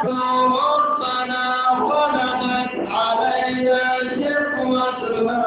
ربنا خلقت علينا شقوتنا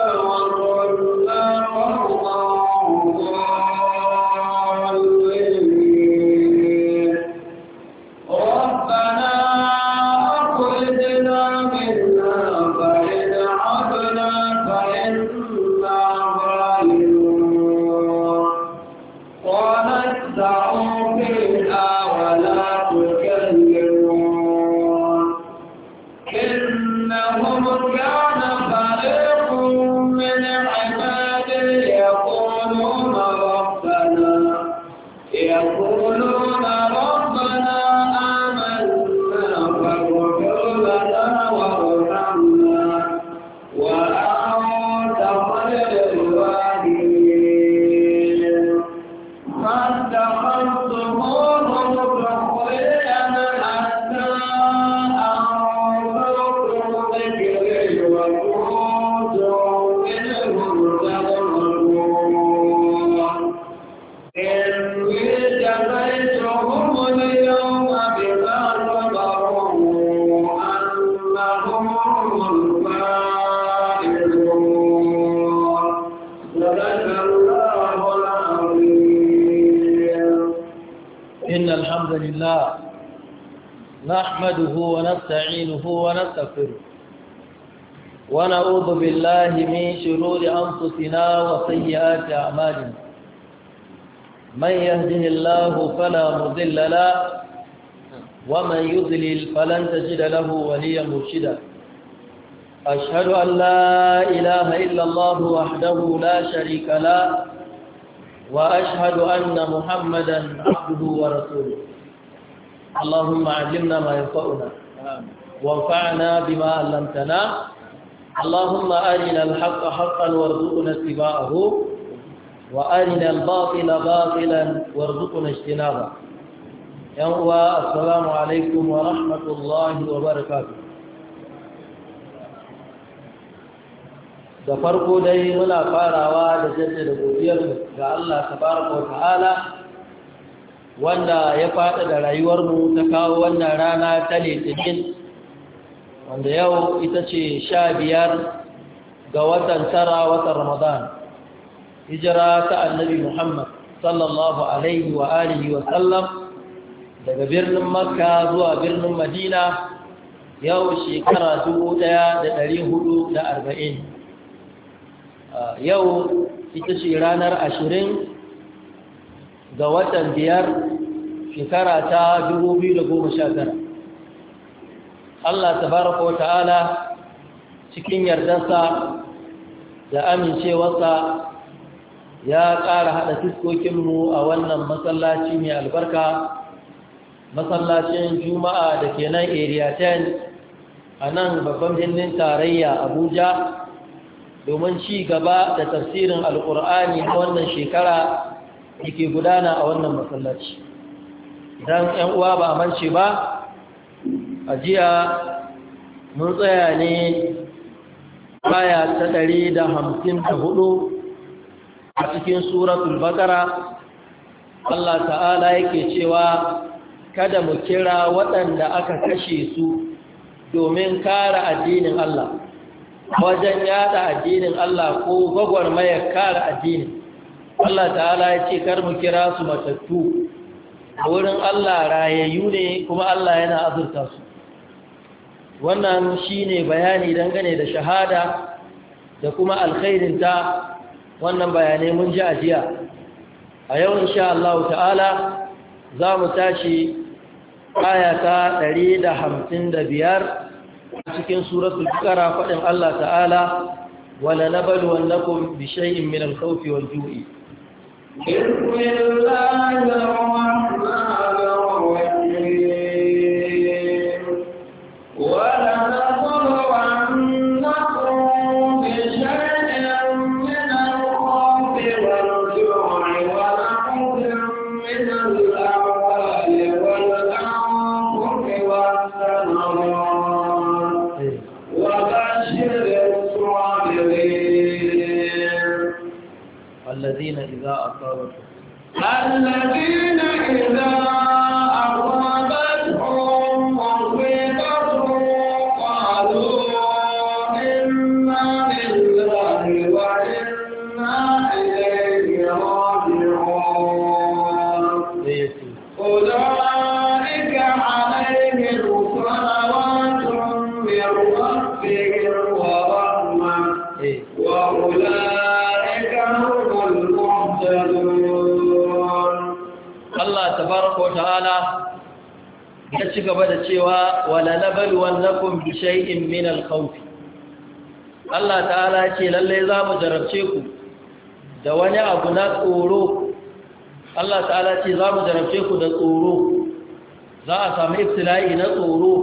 أنفسنا وسيئات أعمالنا من يهده الله فلا مضل له ومن يضلل فلن تجد له وليا مرشدا أشهد أن لا إله إلا الله وحده لا شريك له وأشهد أن محمدا عبده ورسوله اللهم علمنا ما ينفعنا وانفعنا بما علمتنا اللهم أرنا الحق حقا وارزقنا اتباعه وأرنا الباطل باطلا وارزقنا اجتنابه يوى السلام عليكم ورحمة الله وبركاته da farko dai muna farawa da jaddada godiyar ga Allah tabaraka wa ta'ala wanda ya fada da rayuwarmu ta kawo wannan rana ta litinin wanda yau ita ce sha biyar ga watan tara watan ramadan hijira ta annabi muhammad sallallahu alaihi wa alihi wa sallam daga birnin makka zuwa birnin madina yau shekara arba'in. yau ita ce ranar ashirin ga watan biyar shekara ta 2019 Allah tabaraka wa ta'ala cikin yardansa da amincewarsa ya ƙara haɗa fiskokinmu a wannan masallaci mai albarka masallacin juma'a da ke nan area 10 a nan babban birnin tarayya abuja domin ci gaba da tafsirin alƙur'ani a wannan shekara da gudana a wannan masallaci idan 'yan uwa ba a manci ba a jiya mun tsaya ne aya ta ɗari da hamsin da hudu a cikin suratul bakara Allah ta'ala yake cewa kada mu kira waɗanda aka kashe su domin kare addinin Allah wajen yada addinin Allah ko gwagwarmayar kare addini Allah ta'ala ya ce kar mu kira su matattu wurin Allah rayayyu ne kuma Allah yana azurta su wannan shine bayani dangane da shahada da kuma alkhairin ta wannan bayanai mun ji ajiya a yau insha Allah ta'ala za mu tashi aya ta 155 a cikin suratul bukara faɗin Allah ta'ala wala nabalu wannakum bi shay'in min al-khawfi wal-ju'i بسم الله الرحمن الرحيم bi shay'in min al-khawf Allah ta'ala ce lalle za mu jarabce ku da wani abu na tsoro Allah ta'ala ce za mu jarabce ku da tsoro za a samu ibtila'i na tsoro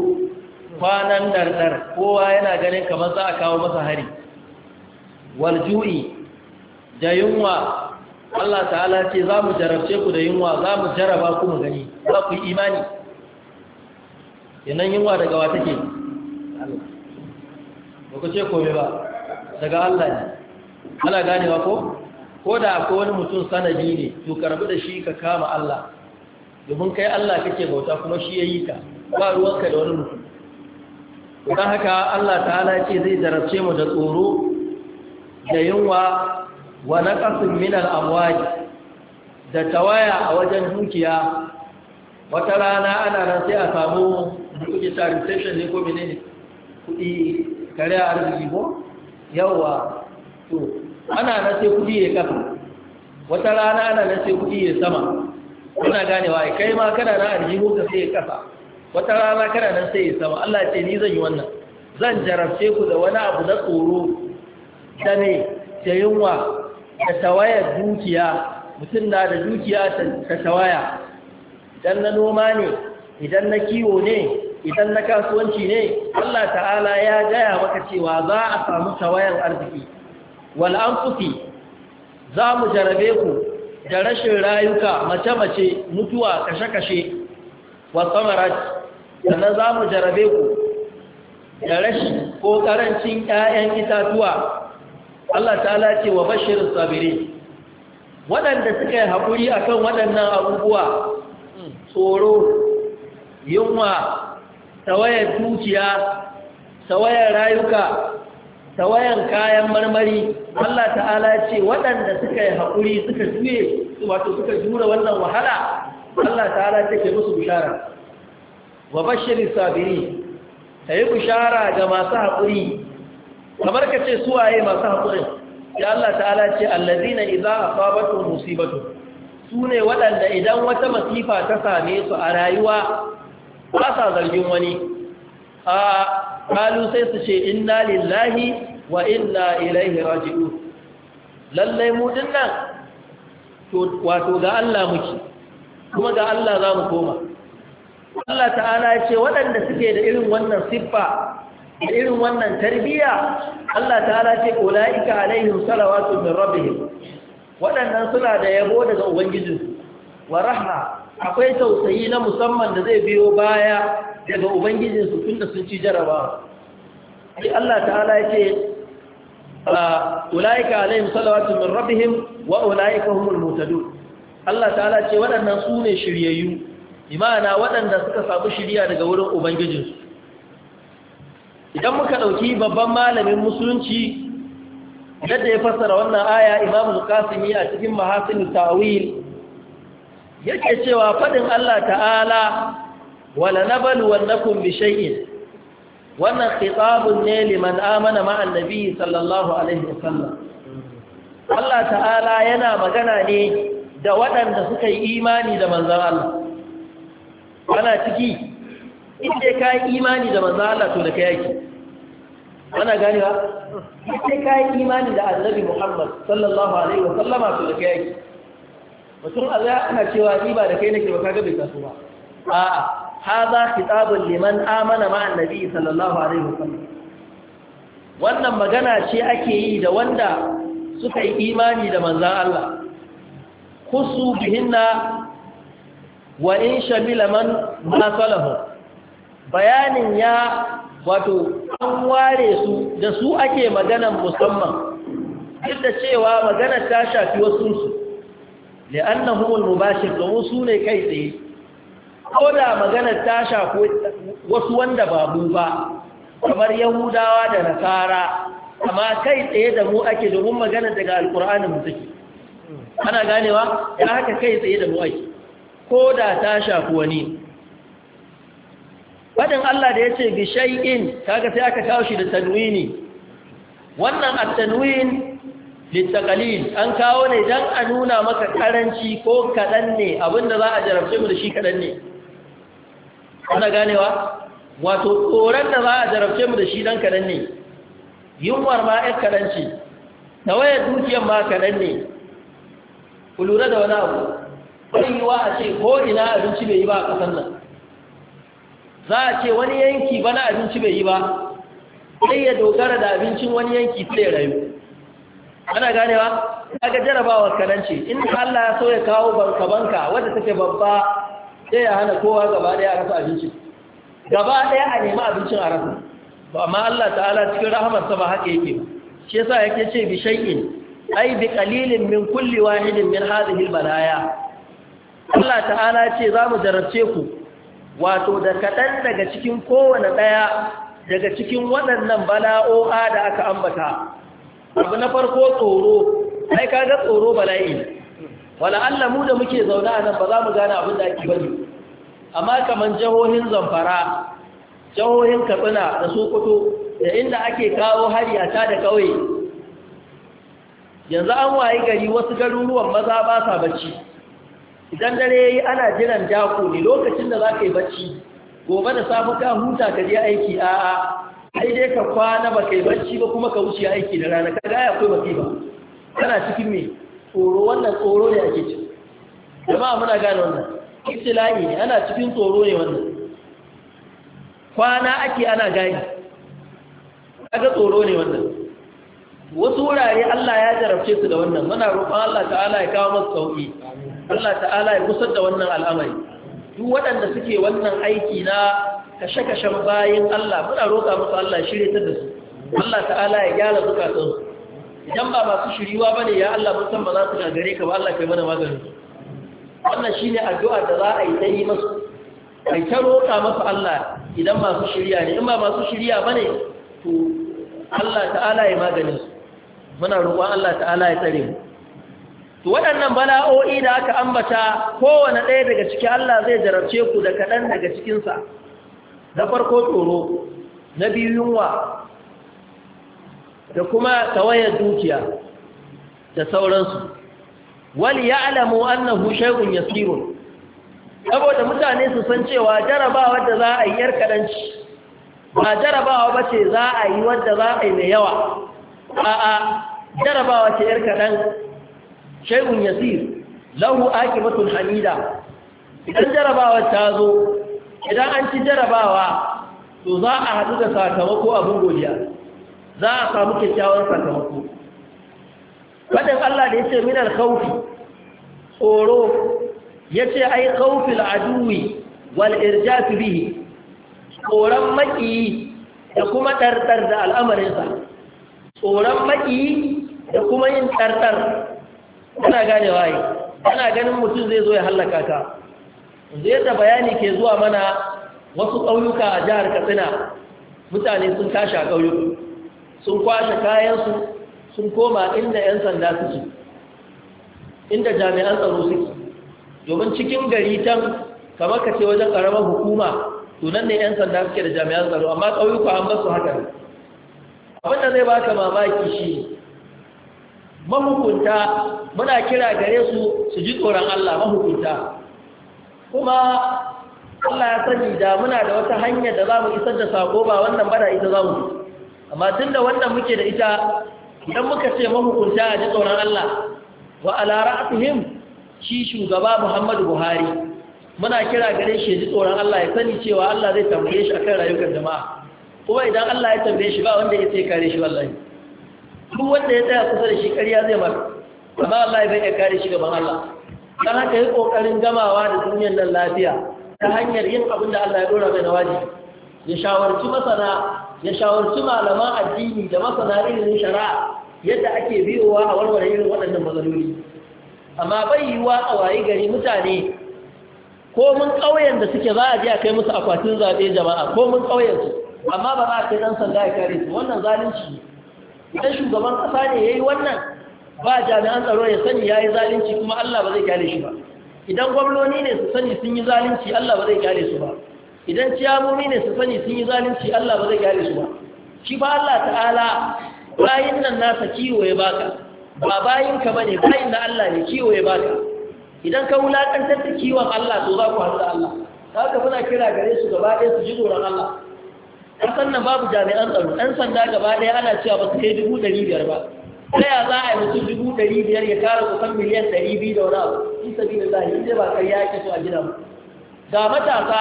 kwanan dardar kowa yana ganin kamar za a kawo masa hari wal ju'i da yunwa Allah ta'ala ce za mu jarabce ku da yunwa za mu jaraba ku mu gani za ku yi imani yanan yunwa daga wa take ba ce kome ba daga Allah ne ana ganewa ko ko da akwai wani mutum sanadi ne to karbi da shi ka kama Allah domin kai Allah kake bauta kuma shi ya ka ba ruwanka da wani mutum dan haka Allah ta'ala ce zai darace mu da tsoro da yunwa wa naqasin min al-amwaj da tawaya a wajen dukiya wata rana ana nan sai a samu duk tarin tarisation ne ko menene kudi kare arziki ko yawa to ana na sai kudi ya kafa wata rana ana na sai kudi ya sama kuna ganewa kai ma kana na arjihu ka sai ya kafa wata rana kana nan sai ya sama Allah ce ni zan yi wannan zan jarabce ku da wani abu na tsoro da ne da yunwa da tawayar dukiya mutum na da dukiya ta tawaya idan na noma ne idan na kiwo ne idan na kasuwanci ne Allah ta'ala ya gaya maka cewa za a samu tawayan arziki wal anfusi za mu jarabe ku da rashin rayuka mace-mace mutuwa kashe-kashe wa samarat sannan za mu jarabe ku da rashin ko karancin 'ya'yan itatuwa Allah ta'ala ce wa bashirin sabiri waɗanda suka yi haƙuri a kan waɗannan abubuwa tsoro yunwa tawayar dukiya tawayar rayuka tawayan kayan marmari Allah ta'ala ce waɗanda suka yi haƙuri suka juye wato suka jura wannan wahala Allah ta'ala ce ke musu bishara wa bashiri sabiri ta yi bishara ga masu haƙuri kamar ka ce suwaye masu haƙurin ya Allah ta'ala ce allazina idza asabatu musibatu su ne waɗanda idan wata masifa ta same su a rayuwa ba sa zargin wani a kalu sai su ce inna lillahi wa inna ilaihi raji'un lallai mu dinnan wato ga Allah muke kuma ga Allah za mu koma Allah ta'ala ya ce waɗanda suke da irin wannan siffa da irin wannan tarbiyya Allah ta'ala ce ulaika alaihim salawatu min rabbihim waɗannan suna da yabo daga ubangijinsu wa rahma akwai tausayi na musamman da zai biyo baya daga ubangijinsu tun da sun ci jaraba Ai Allah ta'ala ya ce ulaika alaihim salawatu min rabbihim wa ulaika humul muhtadun Allah ta'ala ce waɗannan su ne shiryayyu imana waɗanda suka samu shirya daga wurin ubangijinsu idan muka ɗauki babban malamin musulunci yadda ya fassara wannan aya imamu al-qasimi a cikin mahasin tawil yake cewa faɗin Allah ta'ala wala nabalu wannakum bi shay'in wannan khitabun ne liman amana ma annabi sallallahu alaihi wasallam Allah ta'ala yana magana ne da waɗanda suka yi imani da manzan Allah Kana ciki inda ka yi imani da manzan Allah to da ka yaki ana ganewa inda ka yi imani da annabi Muhammad sallallahu alaihi wa sallama to da ka yaki mutum a zai ana cewa ni ba da kai nake ba kaga bai ba a'a hadha khitabun liman amana ma annabi sallallahu alaihi wasallam wannan magana ce ake yi da wanda suka yi imani da manzon Allah kusu bihinna wa in shamila man ma salahu bayanin ya wato an ware su da su ake maganan musamman duk da cewa maganar ta shafi wasu su li'annahum al-mubashir domin su ne kai tsaye ko da magana ta shafi wasu wanda ba mu ba kamar yahudawa da nasara amma kai tsaye da mu ake domin magana daga alkur'ani mu take ana ganewa ya haka kai tsaye da mu ake ko da ta shafi wani Faɗin Allah da ya ce bi shay'in kaga sai aka kawo shi da tanwini wannan at-tanwin littakalil an kawo ne don a nuna maka karanci ko kaɗan ne abinda za a jarabce mu da shi kaɗan ne ana ganewa wato tsoron da za a jarabce mu da shi don kaɗan ne yunwar ma ɗan karanci ce da wayar dukiyar ma kaɗan ne ku lura da wani abu wa a ce ko ina abinci bai yi ba a ƙasar nan za a ce wani yanki bana abinci bai yi ba sai ya dogara da abincin wani yanki sai ya rayu ana ganewa kaga jarabawar kananci in Allah ya so ya kawo banka banka wanda take babba sai ya hana kowa gaba daya a rasa abinci gaba daya a nemi abincin a rasa amma Allah ta'ala cikin sa ba haka yake shi yasa yake ce bi shay'in ai bi qalilin min kulli wahidin min hadhihi al-balaya Allah ta'ala ce za mu jarabce ku wato da kadan daga cikin kowane daya daga cikin waɗannan bala'o'a da aka ambata abu na farko tsoro sai ka ga tsoro bala'i wala Allah mu da muke zaune a nan ba za mu gane abin da ake bane amma kaman jahohin zamfara jihohin katsina da sokoto da inda ake kawo hari a ta da kauye yanzu an waye gari wasu garuruwan maza ba sa bacci idan dare yayi ana jiran jako ne lokacin da za ka yi bacci gobe da safe ka huta ka je aiki a'a ai dai ka kwana ba kai bacci ba kuma ka wuce aiki da rana kaga ya akwai ba. kana cikin me tsoro wannan tsoro ne ake ci jama'a muna gane wannan ibtila'i ne ana cikin tsoro ne wannan kwana ake ana gani kaga tsoro ne wannan wasu wurare Allah ya jarabce su da wannan muna roƙon Allah ta'ala ya kawo masu sauki Allah ta'ala ya kusar da wannan al'amari duk waɗanda suke wannan aiki na kashe-kashen bayan Allah muna roƙa musu Allah shirya ta da su Allah ta'ala ya gyara zukatan idan ba masu shiriwa ne, ya Allah mun ba za su gagare ka ba Allah kai mana magani wannan shi ne addu'a da za a yi ta yi masu kai ta roƙa masu Allah idan masu shirya ne in ba masu shirya ba ne, to Allah ta'ala ya magani muna roƙon Allah ta'ala ya tsare mu to waɗannan bala'o'i da aka ambata kowane ɗaya daga ciki Allah zai jarabce ku da kaɗan daga cikinsa na farko tsoro na biyu yunwa da kuma tawayar dukiya da sauransu wal ya'lamu annahu shay'un yasir saboda mutane su san cewa jarabawa da za a yi yar kadanci ba jarabawa ba ce za a yi wadda za a yi mai yawa a'a jarabawa ce yar kadan shay'un yasir lahu aqibatul hamida idan jarabawa ta zo idan an ci jarabawa to za a haɗu da sakamako abin godiya za a samu kyakkyawar sakamako faɗin Allah da ya ce minar kaufi tsoro ya ce ai kaufi wal wal'irjafi bihi tsoron maƙiyi da kuma ɗarɗar da al'amarinsa tsoron maƙiyi da kuma yin ɗarɗar yana ganewa yi Yana ganin mutum zai zo ya hallaka ka yanzu yadda bayani ke zuwa mana wasu ƙauyuka a jihar katsina mutane sun tashi a ƙauyuka sun kwashe kayansu sun koma inda 'yan sanda suke inda jami'an tsaro suke domin cikin gari tan kamar ka ce wajen ƙaramar hukuma tunan ne 'yan sanda suke da jami'an tsaro amma ƙauyuka an basu haka Abin da zai baka mamaki shi mahukunta muna kira gare su su ji tsoron Allah mahukunta kuma Allah ya sani da muna da wata hanya da za mu isar da sako ba wannan bada ita za mu amma tun da wannan muke da ita idan muka ce mahukunta a ji tsoron Allah wa ala ra'atihim shi shugaba Muhammadu Buhari muna kira gare shi ji tsoron Allah ya sani cewa Allah zai tambaye shi akan rayukan jama'a kuma idan Allah ya tambaye shi ba wanda ya kare shi wallahi duk wanda ya tsaya kusa da shi ƙarya zai mara amma Allah ya bai kare shi gaban Allah don haka yi ƙoƙarin gamawa da duniyar nan lafiya ta hanyar yin abin da Allah ya ɗora mai na wajibi ya shawarci masana ya shawarci malaman addini da masana ilimin shari'a yadda ake biyowa a warware irin waɗannan matsaloli amma bai yi wa a wayi gari mutane ko mun ƙauyen da suke za a je a kai musu akwatin zaɓe jama'a ko mun ƙauyen su amma ba za a kai ɗan sanda ya kare su wannan zalunci idan shugaban ƙasa ne ya yi wannan ba jami'an tsaro ya sani ya yi zalunci kuma Allah ba zai kyale shi ba idan gwamnoni ne su sani sun yi zalunci Allah ba zai kyale su ba idan ciyamomi ne su sani sun yi zalunci Allah ba zai kyale su ba shi ba Allah ta'ala bayin nan nasa kiwo ya baka ba bayin ka bane bayin na Allah ne kiwo ya baka idan ka wulakantar da kiwon Allah to za ku haɗu Allah haka muna kira gare su gaba ɗaya su ji tsoron Allah kasan nan babu jami'an tsaro ɗan sanda gaba ɗaya ana cewa ba su kai dubu ɗari biyar ba ta ya za a yi mutum dubu ɗari biyar ya kara kusan miliyan ɗari biyu da wani abu in sabi da zai in ba kai ya yake so a gina mu ga matasa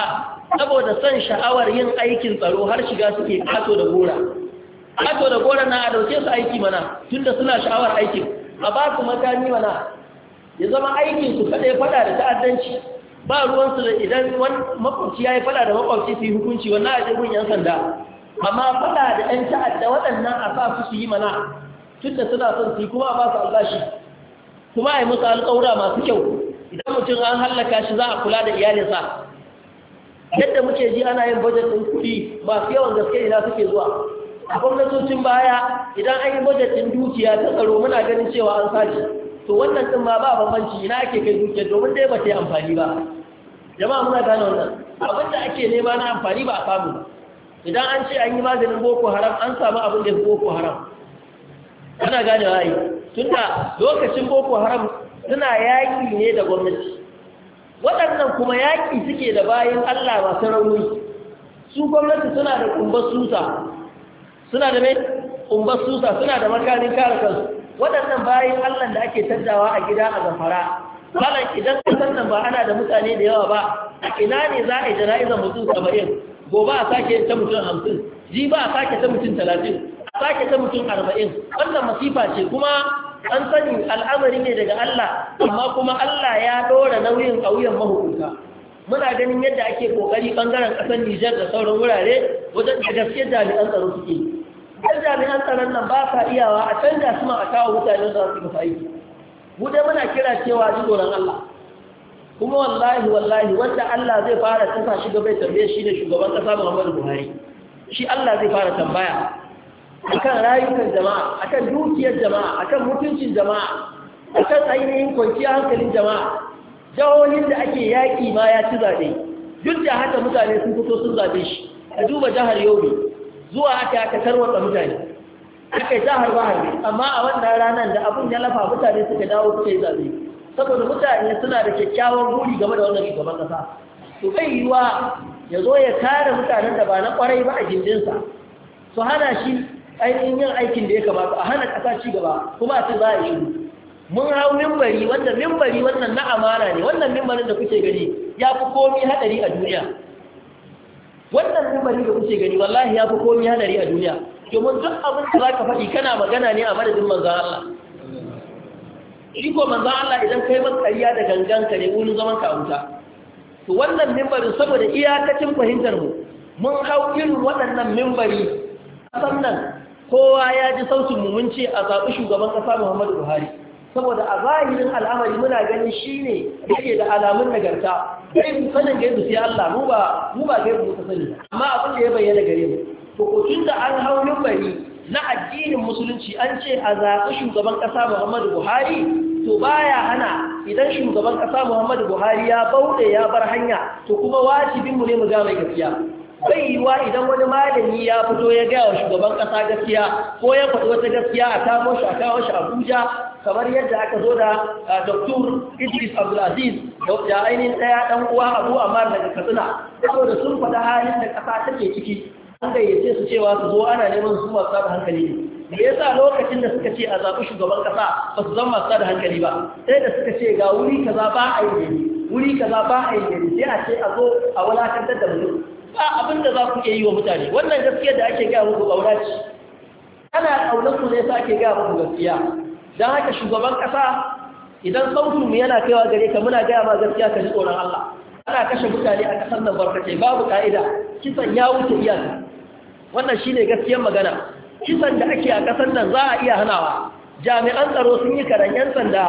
saboda son sha'awar yin aikin tsaro har shiga suke kato da gora kato da gora na a ɗauke su aiki mana tunda suna sha'awar aikin a ba su makami mana ya zama aikin su kaɗai faɗa da ta'addanci ba ruwansu da idan wani makwabci ya yi faɗa da makwabci su yi hukunci wannan a jirgin yan sanda amma faɗa da 'yan ta'adda waɗannan a sa su su yi mana tunda suna son su kuma ba su albashi kuma a yi musu alƙawura masu kyau idan mutum an hallaka shi za a kula da iyalinsa yadda muke ji ana yin bajet ɗin kuɗi masu yawan gaske ina suke zuwa a gwamnatocin baya idan an yi bajet ɗin dukiya ta tsaro muna ganin cewa an sace to wannan ɗin ma ba bambanci ina ake kai dukiya domin dai ba ta yi amfani ba jama'a muna gane wannan abin da ake nema na amfani ba a samu idan an ce an yi maganin boko haram an samu abin da ya boko haram ana gane wa da lokacin boko haram suna yaƙi ne da gwamnati waɗannan kuma yaƙi suke da bayan Allah masu rauni su gwamnati suna da kumbar susa suna da mai ƙumbar susa suna da makarin kare kansu waɗannan bayan Allah da ake tattawa a gida a zafara malam idan kasar nan ba ana da mutane da yawa ba a ina ne za a yi jana'izar mutum saba'in gobe a sake ta mutum hamsin ji ba a sake ta mutum talatin sake ta mutum arba'in wannan masifa ce kuma an sani al'amari ne daga Allah amma kuma Allah ya ɗora nauyin a wuyan mahukunta muna ganin yadda ake ƙoƙari ɓangaren ƙasar Nijar da sauran wurare wajen da gaske jami'an tsaro suke yan jami'an tsaron nan ba sa iyawa a canza su ma a kawo mutane da su ga aiki mu dai muna kira cewa ji tsoron Allah kuma wallahi wallahi wanda Allah zai fara tsasa shi gaba ya tambaye shi ne shugaban ƙasa Muhammadu Buhari shi Allah zai fara tambaya akan rayukan jama'a akan dukiyar jama'a akan mutuncin jama'a akan ainihin kwanciyar hankalin jama'a jihohin da ake yaƙi ma ya ci zaɓe duk da haka mutane sun fito sun zaɓe shi a duba jihar yobe zuwa aka aka tarwata mutane aka jihar bahar ne amma a wannan ranar da abin ya lafa mutane suka dawo suka yi zaɓe saboda mutane suna da kyakkyawan buri game da wannan shugaban ƙasa, to bai yiwa ya zo ya tara mutanen da ba na kwarai ba a gindinsa su hana shi ainihin yin aikin da ya kamata a hana ƙasa ci gaba kuma a ce za a yi mun hau mimbari wannan mimbari wannan na amara ne wannan mimbarin da kuke gani ya fi komi haɗari a duniya wannan mimbari da kuke gani wallahi ya fi komi haɗari a duniya domin duk abin da za ka faɗi kana magana ne a madadin manzan Allah iko manzan Allah idan kai ban ƙarya da gangan ka ne wurin zaman ka wuta to wannan mimbarin saboda iyakacin fahimtar mu mun hau irin waɗannan mimbari kasan nan kowa ya ji sautin mu a zaɓi shugaban ƙasa Muhammadu Buhari saboda a zahirin al'amari muna ganin shine yake da alamun nagarta gaibu sanin gaisu sai Allah mu ba mu ba mu sani amma abin da ya bayyana gare mu to ko tunda an hau bari na addinin musulunci an ce a zaɓi shugaban ƙasa Muhammadu Buhari to baya hana idan shugaban ƙasa Muhammadu Buhari ya bauɗe ya bar hanya to kuma wajibin mu ne mu ga mai gaskiya bai wa idan wani malami ya fito ya gaya wa shugaban ƙasa gaskiya ko ya faɗi wata gaskiya a kawo shi a kawo shi abuja kamar yadda aka zo da ah, doktor idris abdulaziz da ainihin ɗaya ɗan uwa abu amma daga katsina da sun faɗa halin da ƙasa take ciki an gayyace su cewa su zo ana neman su masu da hankali Me ya sa lokacin da suka ce a zaɓi shugaban ƙasa ba su zama masu da hankali ba sai da suka ce ga wuri kaza ba a yi wuri kaza ba a yi sai a ce a zo a wulakantar da mutum ba abin da za ku iya yi wa mutane wannan gaskiya da ake gaya muku ƙaura ce ana ƙaunar ku ne sa ake gaya muku gaskiya don haka shugaban ƙasa idan sautin mu yana kaiwa gare ka muna gaya ma gaskiya ka ji tsoron Allah ana kashe mutane a ƙasar nan barkace babu ka'ida kisan ya wuce iyaka wannan shine gaskiyar magana kisan da ake a ƙasar nan za a iya hanawa jami'an tsaro sun yi kaɗan 'yan sanda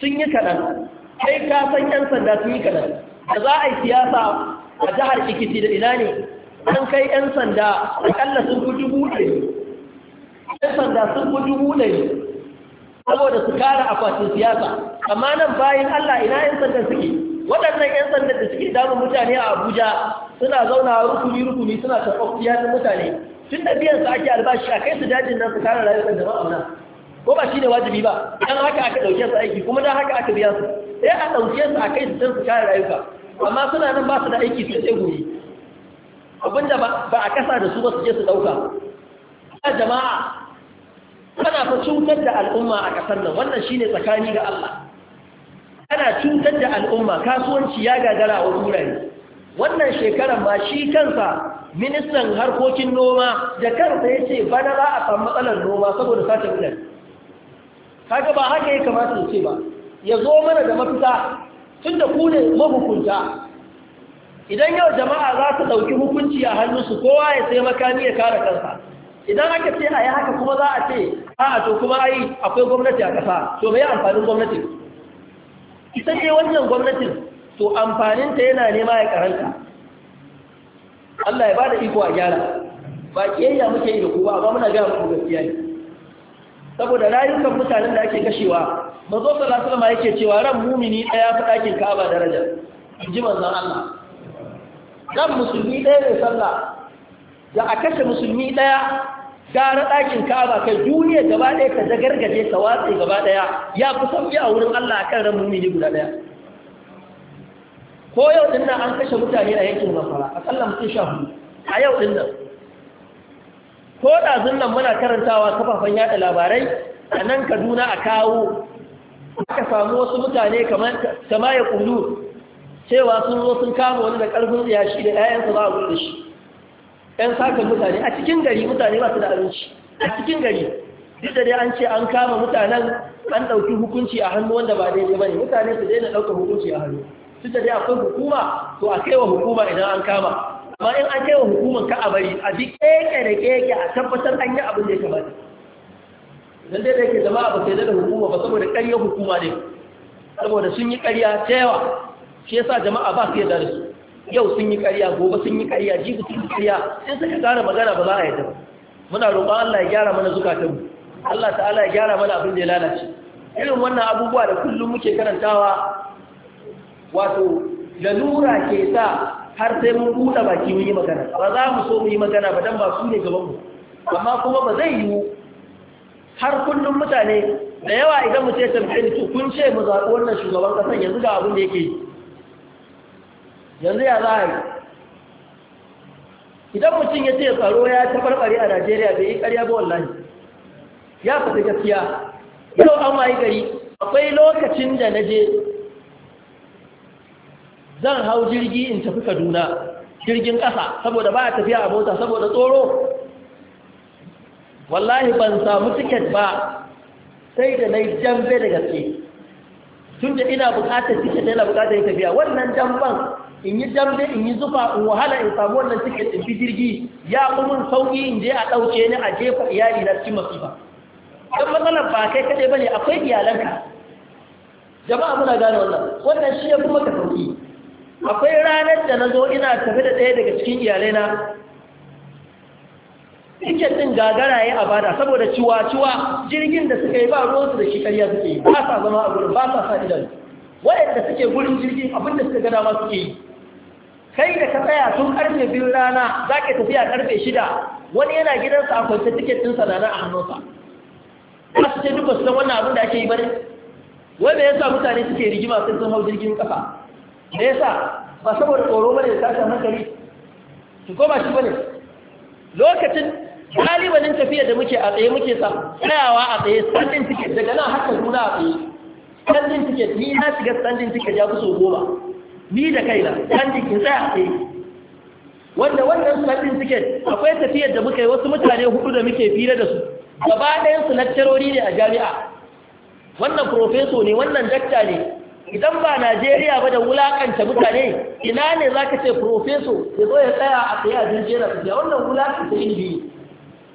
sun yi kaɗan kai ka san 'yan sanda sun yi kaɗan da za a yi siyasa a jihar ikiti da ina ne an kai 'yan sanda akalla sun fi dubu ɗari 'yan sanda sun fi dubu ɗari saboda su kara akwatin siyasa amma nan bayan allah ina 'yan sanda suke waɗannan 'yan sanda da suke damun mutane a abuja suna zauna rukuni-rukuni suna tafafiya na mutane tun da biyan su ake albashi a kai su dajin nan su kara rayuwar da nan ko ba shi ne wajibi ba dan haka aka ɗauke su aiki kuma dan haka aka biya su sai a ɗauke su a kai su can su kare rayuka amma suna nan ba su da aiki su ce guri abinda ba a kasa da su ba su je su dauka A jama'a kana fa cutar da al'umma a kasar nan wannan shine tsakani ga Allah kana cutar da al'umma kasuwanci ya gagara a wurare wannan shekaran ba shi kansa ministan harkokin noma da kansa ya ce bana za a samu matsalar noma saboda sace kaga ba haka ya kamata ya ce ba ya zo mana da mafita tun da ku ne mahukunta idan yau jama'a za su ɗauki hukunci a hannunsu kowa ya sai makami ya kare kansa idan aka ce a yi haka kuma za a ce a to kuma ai akwai gwamnati a ƙasa to mai amfanin gwamnati ita ce wannan gwamnatin to amfaninta yana nema ya karanta Allah ya bada iko a gyara ba kiyayya muke yi da ku ba amma muna gaya ku gaskiya ne saboda rayukan mutanen da ake kashewa mazo sallallahu yake cewa ran mumini daya fa dakin Ka'aba daraja ji manzon Allah ran musulmi daya ne sallah da a kashe musulmi daya gara dakin Ka'aba kai duniya gaba daya ka dagargaje ka watsi gaba daya ya fi sauki a wurin Allah akan ran mumini guda daya ko yau din nan an kashe mutane a yankin a akalla mutum sha hudu a yau din nan ko da zunnan muna karantawa kafafen yada labarai a nan Kaduna a kawo aka samu wasu mutane kamar kama ya kulu cewa sun zo sun kama wani da karfin yashi da 'ya'yansa za a gudu shi ‘yan sakan mutane a cikin gari mutane ba su da abinci a cikin gari duk da dai an ce an kama mutanen an ɗauki hukunci a hannu wanda ba daidai ba ne mutane su daina ɗaukar hukunci a hannu duk da dai akwai hukuma to a kaiwa hukuma idan an kama amma in an kaiwa hukumar ka a bari a bi ƙeƙe da ƙeƙe a tabbatar an yi abin da ya kamata dan dai da yake jama'a ba sai da hukuma ba saboda ƙarya hukuma ne saboda sun yi ƙarya ta shi yasa jama'a ba su yarda da su yau sun yi ƙarya gobe sun yi ƙarya jibi sun yi ƙarya sai suka gane magana ba za a yarda muna roƙon Allah ya gyara mana zukatanmu Allah ta'ala ya gyara mana abin da ya lalace irin wannan abubuwa da kullum muke karantawa wato lalura ke sa har sai mun buɗe baki mun yi magana ba za mu so mu yi magana ba dan ba su ne gaban mu amma kuma ba zai yiwu har kullum mutane da yawa idan mu ce tambayin kun ce mu zaɓi wannan shugaban ƙasar yanzu ga abin da yake yanzu ya za a yi idan mutum ya ce tsaro ya tabarbare a najeriya bai yi ƙarya ba wallahi ya fata gaskiya yau an wayi gari akwai lokacin da na je zan hau jirgi in tafi kaduna jirgin ƙasa saboda ba a tafiya a mota saboda tsoro wallahi ban samu tiket ba sai da nai jambe da gaske tun da ina bukatar tiket yana bukatar yin tafiya wannan jamban in yi jambe in yi zufa in wahala in samu wannan tiket in fi jirgi ya fi mun sauƙi in je a ɗauke ni a jefa iyali na cikin masifa don matsalar ba kai kaɗai ba ne akwai iyalanka jama'a muna gane wannan wannan shi ya fi maka sauƙi akwai ranar da na zo ina tafi da ɗaya daga cikin iyalaina tiket ɗin gagara ya a bada saboda ciwa-ciwa jirgin da suka yi ba ruwansu da shi karya suke yi ba sa zama a gurin ba sa sa idanu waɗanda suke gurin jirgin abinda suka gada ma suke yi kai da ka tsaya tun karfe biyu rana za ka tafiya karfe shida wani yana gidansa a kwanci tiket ɗin nana a hannunsa ba su ce duk ba su san wannan abin da ake yi ba ne wai me yasa mutane suke rigima sun sun hau jirgin kasa me yasa ba saboda tsoro ba ne da tashin hankali ki shi ba ne. lokacin galibanin tafiya da muke a tsaye muke sa tsayawa a tsaye standing ticket daga nan haka nuna a tsaye standing ticket ni na shiga standing ticket ya kusa goma ni da kaina standing in tsaya a tsaye wanda wannan standing ticket akwai tafiyar da muka yi wasu mutane hudu da muke fira da su gaba ɗayan su lakcarori ne a jami'a wannan profeso ne wannan dakta ne idan ba Najeriya ba da wulakanta mutane ina ne za ka ce profeso ya zo ya tsaya a tsaye a jirgin wannan wulakanta ne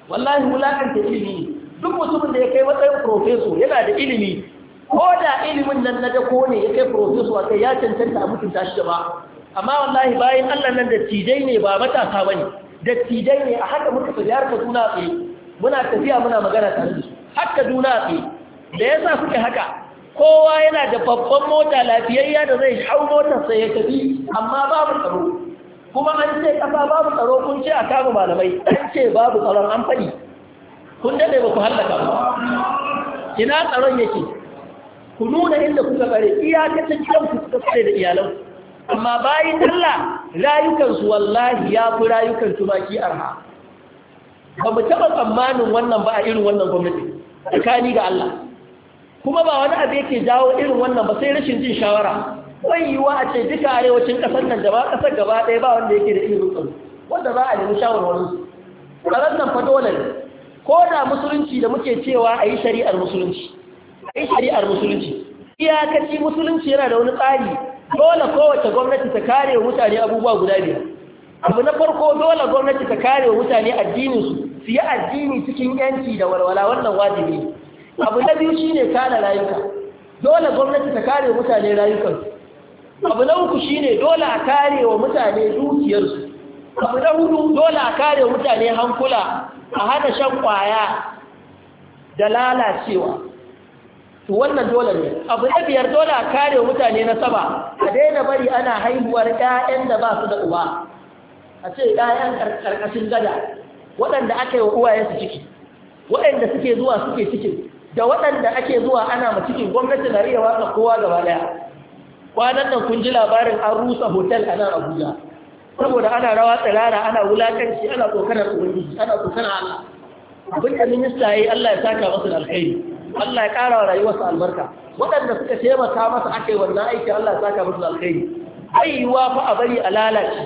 wallahi wulakanta ilimi duk mutumin da ya kai matsayin profeso yana da ilimi ko da ilimin nan na dako ne ya kai profeso a kai ya cancanta a mutunta shi ba amma wallahi bayan allah nan da tijai ne ba matasa ba ne da tijai ne a haka muka tsayar ka duna tsaye muna tafiya muna magana tare da su haka duna tsaye da yasa suka haka kowa yana da babban mota lafiyayya da zai hau motarsa ya tafi amma babu tsaro kuma an ce kasa babu tsaro kun ce a kama malamai an ce babu tsaron an faɗi kun daɗe ba ku hallaka ba ina tsaron yake ku nuna inda kuka tsare iyakacin gidanku kuka tsare da iyalan amma bayan Allah rayukansu wallahi ya fi rayukan tumaki arha ba mu taɓa tsammanin wannan ba a irin wannan gwamnati tsakani ga Allah kuma ba wani abu yake jawo irin wannan ba sai rashin jin shawara yiwuwa a ce duka arewacin ƙasar nan da ba ƙasar gaba ɗaya ba wanda yake da ilimin tsaro wanda za a nemi shawarwar su tsaron nan fa dole ne ko da musulunci da muke cewa a yi shari'ar musulunci a yi shari'ar musulunci iyakaci musulunci yana da wani tsari dole kowace gwamnati ta kare wa mutane abubuwa guda biyar abu na farko dole gwamnati ta kare wa mutane addininsu su yi addini cikin yanci da walwala wannan wajibi abu na biyu shine kare rayuka dole gwamnati ta kare mutane rayukansu abu na uku shi ne dole a kare wa mutane dukiyarsu abu na hudu dole a kare wa mutane hankula a hana shan kwaya da lalacewa to wannan dole ne abu na biyar dole a kare wa mutane na saba a daina bari ana haihuwar ƴaƴan da ba su da uba a ce ƴaƴan karkashin gada waɗanda aka yi wa su ciki waɗanda suke zuwa suke cikin da waɗanda ake zuwa ana ma cikin gwamnati na iya watsa kowa gaba ɗaya kwanan nan kun ji labarin an rusa hotel a nan abuja saboda ana rawa tsirara ana wulakanci ana tsokanar ubangiji ana tsokanar allah abin da minista ya yi allah ya saka masu da alkhairi allah ya kara wa rayuwarsa albarka waɗanda suka taimaka masa aka yi wannan aiki allah ya saka masu da alkhairi aiwa fa a bari a lalace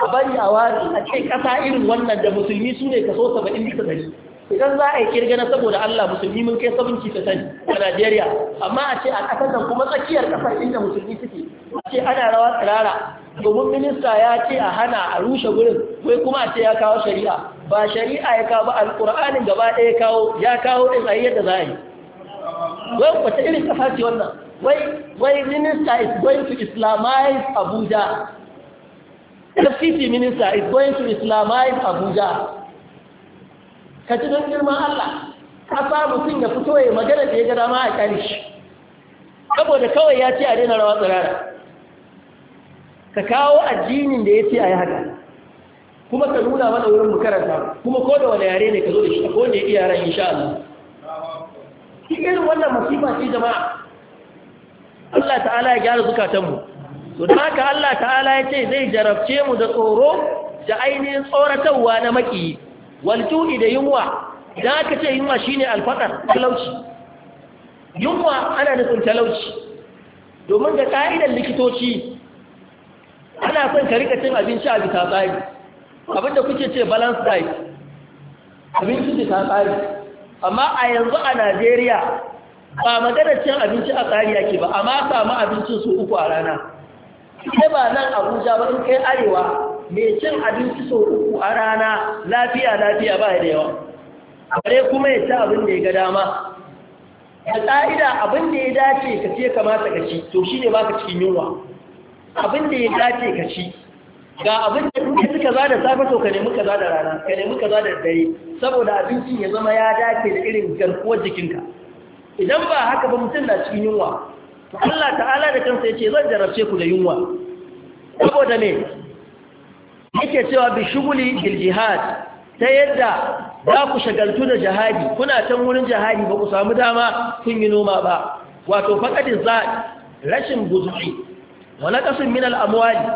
a bari a wari a ce ƙasa irin wannan da musulmi su ne kaso saba'in bisa ɗari idan za a yi kirgana saboda Allah musulmi mun kai sabinci ta sani a Najeriya amma a ce a ƙasar da kuma tsakiyar ƙasar inda musulmi suke ce ana rawa tsirara domin minista ya ce a hana a rushe gurin wai kuma a ce ya kawo shari'a ba shari'a ya kawo ba alƙur'anin gaba ɗaya kawo ya kawo ɗin a yadda za a yi wai wata irin ƙasa ce wannan wai wai minista is going to islamize Abuja FCC minister is going to islamize Abuja ka ji don girman Allah ka ƙasa mutum ya fito ya magana da ya ga dama a ƙari shi saboda kawai ya ce a daina rawa tsirara ka kawo addinin da ya ce a yi haka kuma ka nuna mana wurin mu karanta kuma ko da wani yare ne ka zo da shi ko da ya iya ran insha Allah irin wannan masifa ce jama'a Allah ta'ala ya gyara zukatanmu to da haka Allah ta'ala ya ce zai jarabce mu da tsoro da ainihin tsoratarwa na makiyi Waltuɗi da yunwa da aka ce yunwa shine alfaqar talauci yunwa ana nufin talauci domin da ka'idar likitoci ana son ka rika cin abinci a bisa tsari abinda kuke ce balance diet abinci ta tsari amma a yanzu a Najeriya ba maganar cin abinci a tsari yake ba amma samu abincin su uku a rana sai ba nan Abuja ba in kai arewa mai cin abinci sau uku a rana lafiya lafiya ba da yawa bare kuma ya ci abin da ya ga dama da ƙa'ida abin da ya dace ka ce kamata ka ci to shi ne baka cikin yunwa abin da ya dace ka ci ga abin da ya ka za da safe to ka nemi ka za da rana ka nemi ka za da dare saboda abincin ya zama ya dace da irin garkuwar jikinka idan ba haka ba mutum na cikin yunwa Allah ta'ala da kansa ya ce zan jarabce ku da yunwa saboda me yake cewa bi shuguli bil jihad ta yadda za ku shagaltu da jihadi kuna can wurin jihadi ba ku samu dama kun yi noma ba wato faqad za rashin buzuri wa naqasin min al amwali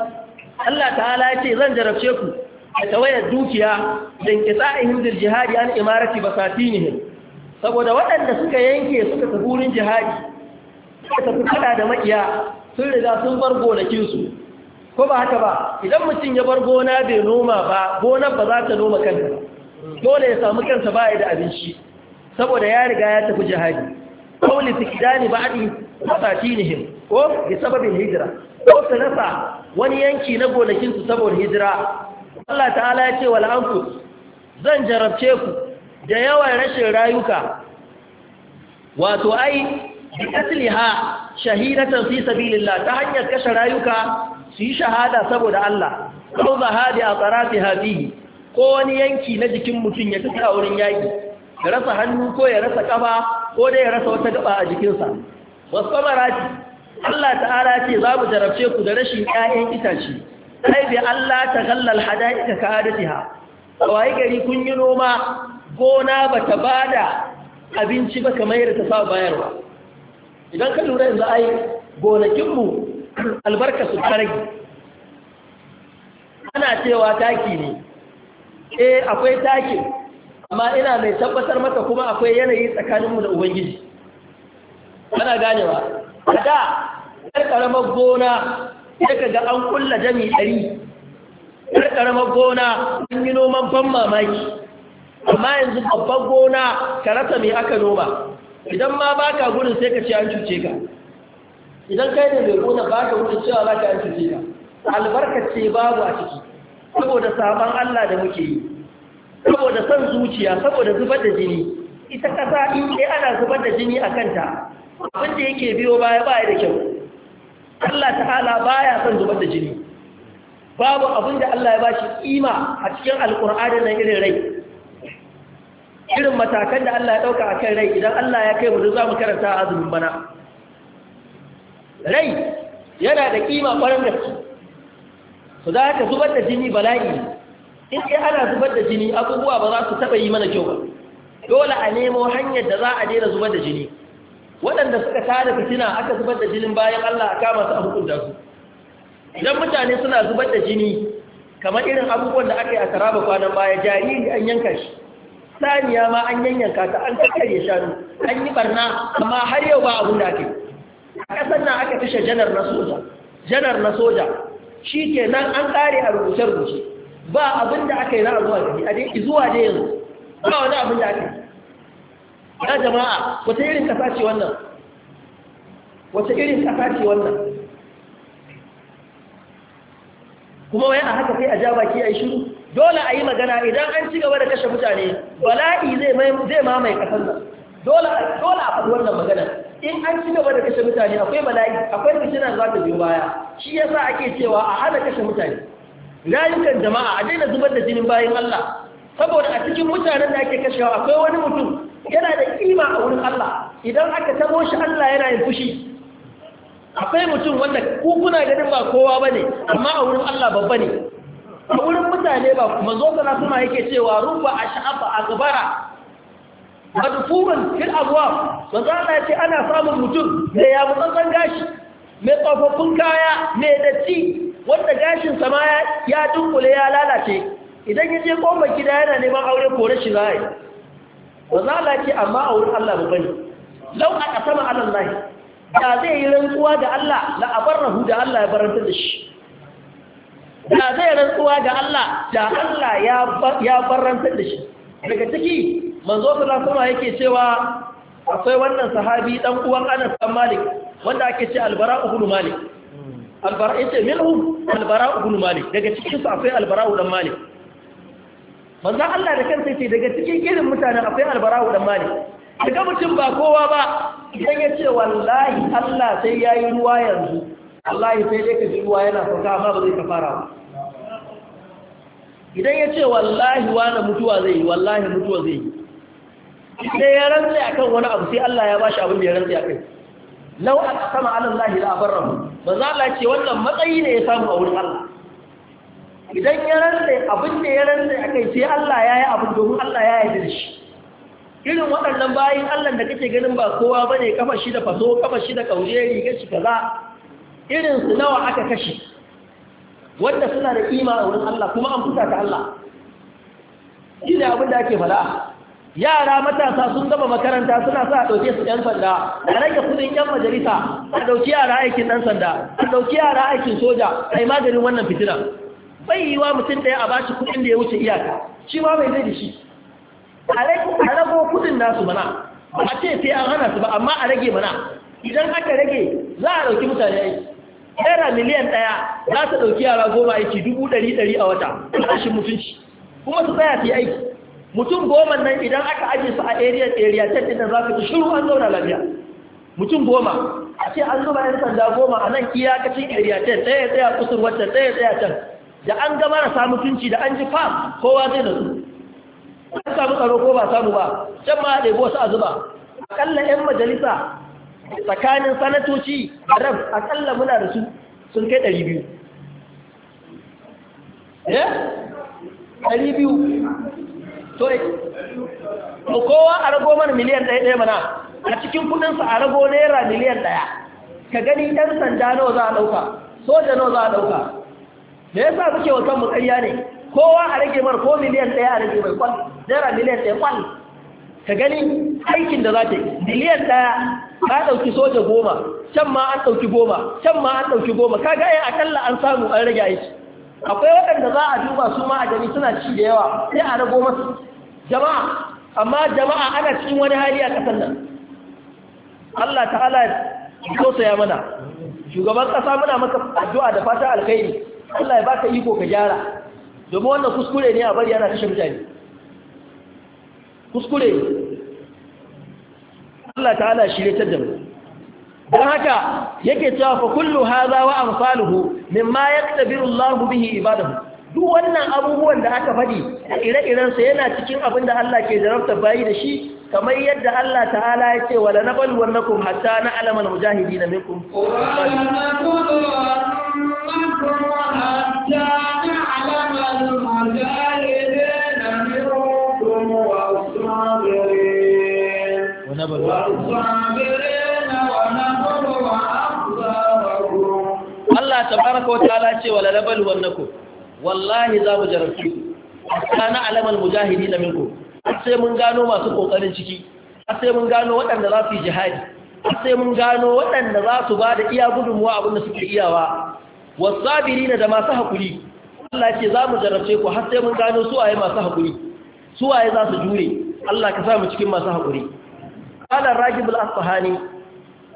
Allah ta'ala ya ce zan jarabce ku da tawayar dukiya din inqita'ihim bil jihadi an imarati basatinihim saboda waɗanda suka yanke suka tafi wurin jihadi suka tafi kada da makiya sun riga sun bar gonakinsu ko ba haka ba idan mutum ya bar gona bai noma ba gonar ba za ta noma kanta dole ya samu kansa ba da abinci saboda ya riga ya tafi jihadi kawli tikidani ba'di masakinihim ko bi sababin hijira ko su rasa wani yanki na gonakin su saboda hijira Allah ta'ala ya ce wal anfus zan jarabce ku da yawan rashin rayuka wato ai bi asliha shahidatan fi sabilillah ta hanyar kashe rayuka su yi shahada saboda Allah ko da a tsarafi hafihi ko wani yanki na jikin mutum ya tafi a wurin yaƙi ya rasa hannu ko ya rasa ƙafa ko dai ya rasa wata gaba a jikinsa wasu kamarati Allah ta'ala ce za mu jarabce ku da rashin ƴaƴan itace sai bai Allah ta gallal hada'ika ka adatiha kawai gari kun yi noma gona ba ta bada abinci ba kamar yadda ta sa bayarwa idan ka lura yanzu ai gonakinmu albarka su karagi ana cewa taki ne eh akwai taki amma ina mai tabbatar maka kuma akwai yanayi tsakaninmu da ubangiji ana ganewa a da yar karamar gona ya ga an kulla jami ɗari yar karamar gona an yi noman ban mamaki amma yanzu babban gona ka rasa mai aka noma idan ma baka gudun sai ka ce an cuce ka idan kai da mai gona ba ka wuce cewa za ka yi cuce ka albarkace babu a ciki saboda sabon Allah da muke yi saboda son zuciya saboda zubar da jini ita kasa in dai ana zubar da jini a kanta abin da yake biyo baya baya da kyau Allah ta'ala baya son zubar da jini babu abin da Allah ya bashi kima a cikin alkur'ani na irin rai irin matakan da Allah ya a akan rai idan Allah ya kai mu za mu karanta azumin bana rai yana da ƙima ƙwarar da su su za ka zubar da jini bala'i in 'ya ana zubar da jini abubuwa ba za su taɓa yi mana kyau ba dole a nemo hanyar da za a daina zubar da jini waɗanda suka tada fitina aka zubar da jinin bayan Allah a kama su a hukunta su idan mutane suna zubar da jini kamar irin abubuwan da aka yi a taraba kwanan baya jariri an yanka shi saniya ma an yanyanka ta an kakkare shanu an yi barna amma har yau ba abin da ake a ƙasar nan aka kashe janar na soja janar na soja shi ke nan an ƙare a rubuce-rubuce ba abin da aka yi na zuwa gani a dai zuwa da yanzu ba wani abin da aka yi Na jama'a wata irin ƙasa ce wannan wata irin ƙasa ce wannan kuma wai a haka sai a ja baki a yi shiru dole a yi magana idan an ci gaba da kashe mutane bala'i zai mamaye ƙasar nan dole a dole a faɗi wannan magana in an ci gaba da kashe mutane akwai bala'i akwai fitina za ta biyo baya shi yasa ake cewa a hana kashe mutane rayukan jama'a a daina zubar da jinin bayan Allah saboda a cikin mutanen da ake kashewa akwai wani mutum yana da kima a wurin Allah idan aka tabo shi Allah yana yin fushi akwai mutum wanda ku kuna ganin ba kowa bane amma a wurin Allah babba ne a wurin mutane ba manzo sallallahu alaihi yake cewa ruba ash'aba akbara madfuran fil abwab manzo Allah ya ce ana samun mutum da ya mutsan gashi mai tsofaffin kaya mai datti wanda gashin sa ma ya dunkule ya lalace idan ya je kofar gida yana neman aure ko rashin zai manzo Allah ya ce amma a wurin Allah ba bane lau a kasama Allah da zai yi rantsuwa ga Allah la abarrahu da Allah ya barantar da shi da zai rantsuwa ga Allah da Allah ya barantar da shi daga ciki manzo sallallahu yake cewa akwai wannan sahabi dan uwan Anas dan Malik wanda ake ce Albara ibn Malik Albara yace minhum Albara ibn Malik daga cikin su akwai Albara ibn Malik manzo Allah da kansa yace daga cikin irin mutanen akwai Albara ibn Malik daga mutum ba kowa ba idan yace wallahi Allah sai yayi ruwa yanzu wallahi sai dai ka ji ruwa yana sauka amma ba zai kafara ba idan yace wallahi wani mutuwa zai yi wallahi mutuwa zai yi ne ya a akan wani abu sai Allah ya bashi abin da ya rantse akai law aqsama ala Allah la ba za Allah ce wannan matsayi ne ya samu a wurin Allah idan ya rantse abin da ya rantse akai sai Allah ya yi abin domin Allah ya yi shi irin waɗannan bayin Allah da kake ganin ba kowa bane kafa shi da faso kafa shi da kauje rigar shi kaza irin su nawa aka kashe wanda suna da kima a wurin Allah kuma an fusa ta Allah shi ne abin da ake fada yara matasa sun gaba makaranta suna sa a ɗauke su ɗan sanda a rage kudin ƴan majalisa a ɗauki yara aikin ɗan sanda a ɗauki yara aikin soja a yi maganin wannan fitina bai yi wa mutum ɗaya a bashi kudin da ya wuce iyaka shi ma bai zai da shi a rago kudin nasu mana ba a ce sai an hana su ba amma a rage mana idan aka rage za a ɗauki mutane aiki naira miliyan ɗaya za su ɗauki yara goma aiki dubu ɗari ɗari a wata rashin mutunci kuma su tsaya su yi aiki mutum goma nan idan aka aje su a area area ta din za ka ji shiru an zauna lafiya mutum goma a ce an zuba yan sanda goma a nan kiya ka iyakacin area ta tsaye tsaye kusur wata tsaye tsaye can da an gama na samu tunci da an ji fa kowa zai nasu an samu tsaro ko ba samu ba can ma da ɗebo su a zuba akalla yan majalisa tsakanin sanatoci a rab akalla muna da su sun kai ɗari biyu eh? ɗari biyu to mu kowa a rago mana miliyan ɗaya ɗaya mana a cikin kudinsa a rago naira miliyan ɗaya ka gani ɗan sanda nawa za a ɗauka soja nawa za a ɗauka Me ya sa muke wa kanmu ƙarya ne kowa a rage mar ko miliyan ɗaya a rage mai kwal naira miliyan ɗaya kwal ka gani aikin da za ta yi miliyan ɗaya ka ɗauki soja goma can ma an ɗauki goma can ma an ɗauki goma ka ga ai eh, akalla an samu an rage aiki akwai waɗanda za a duba su ma a gani suna ci da yawa sai a rago masu jama'a amma jama'a ana cikin wani hali a ƙasar nan Allah ta'ala tausaya mana shugaban ƙasa muna maka addu'a da fata alkhairi Allah ya baka iko ka gyara domin wannan kuskure ne a bari yana kashe mutane kuskure Allah ta'ala shirye ta jama'a don haka yake cewa fa kullu hadha wa amsaluhu mimma yaktabiru Allah bihi ibadahu duk wannan abubuwan da aka faɗi ire-iren sa yana cikin abin da Allah ke jarabta bayi da shi kamar yadda Allah ta'ala ya ce wala nabal wannakum hatta na alamal mujahidin minkum Allah tabaraka wa ta'ala ce wala nabal wannakum wallahi za mu jarabci ku kana alamal mujahidi na minku sai mun gano masu kokarin ciki sai mun gano waɗanda za su yi jihadi sai mun gano waɗanda za su ba da iya gudunmuwa abin da suke iyawa wasabiri na da masu haƙuri Allah ce za mu jarabce ku har sai mun gano suwaye masu haƙuri suwaye za su jure Allah ka sa mu cikin masu haƙuri qala ragibul asfahani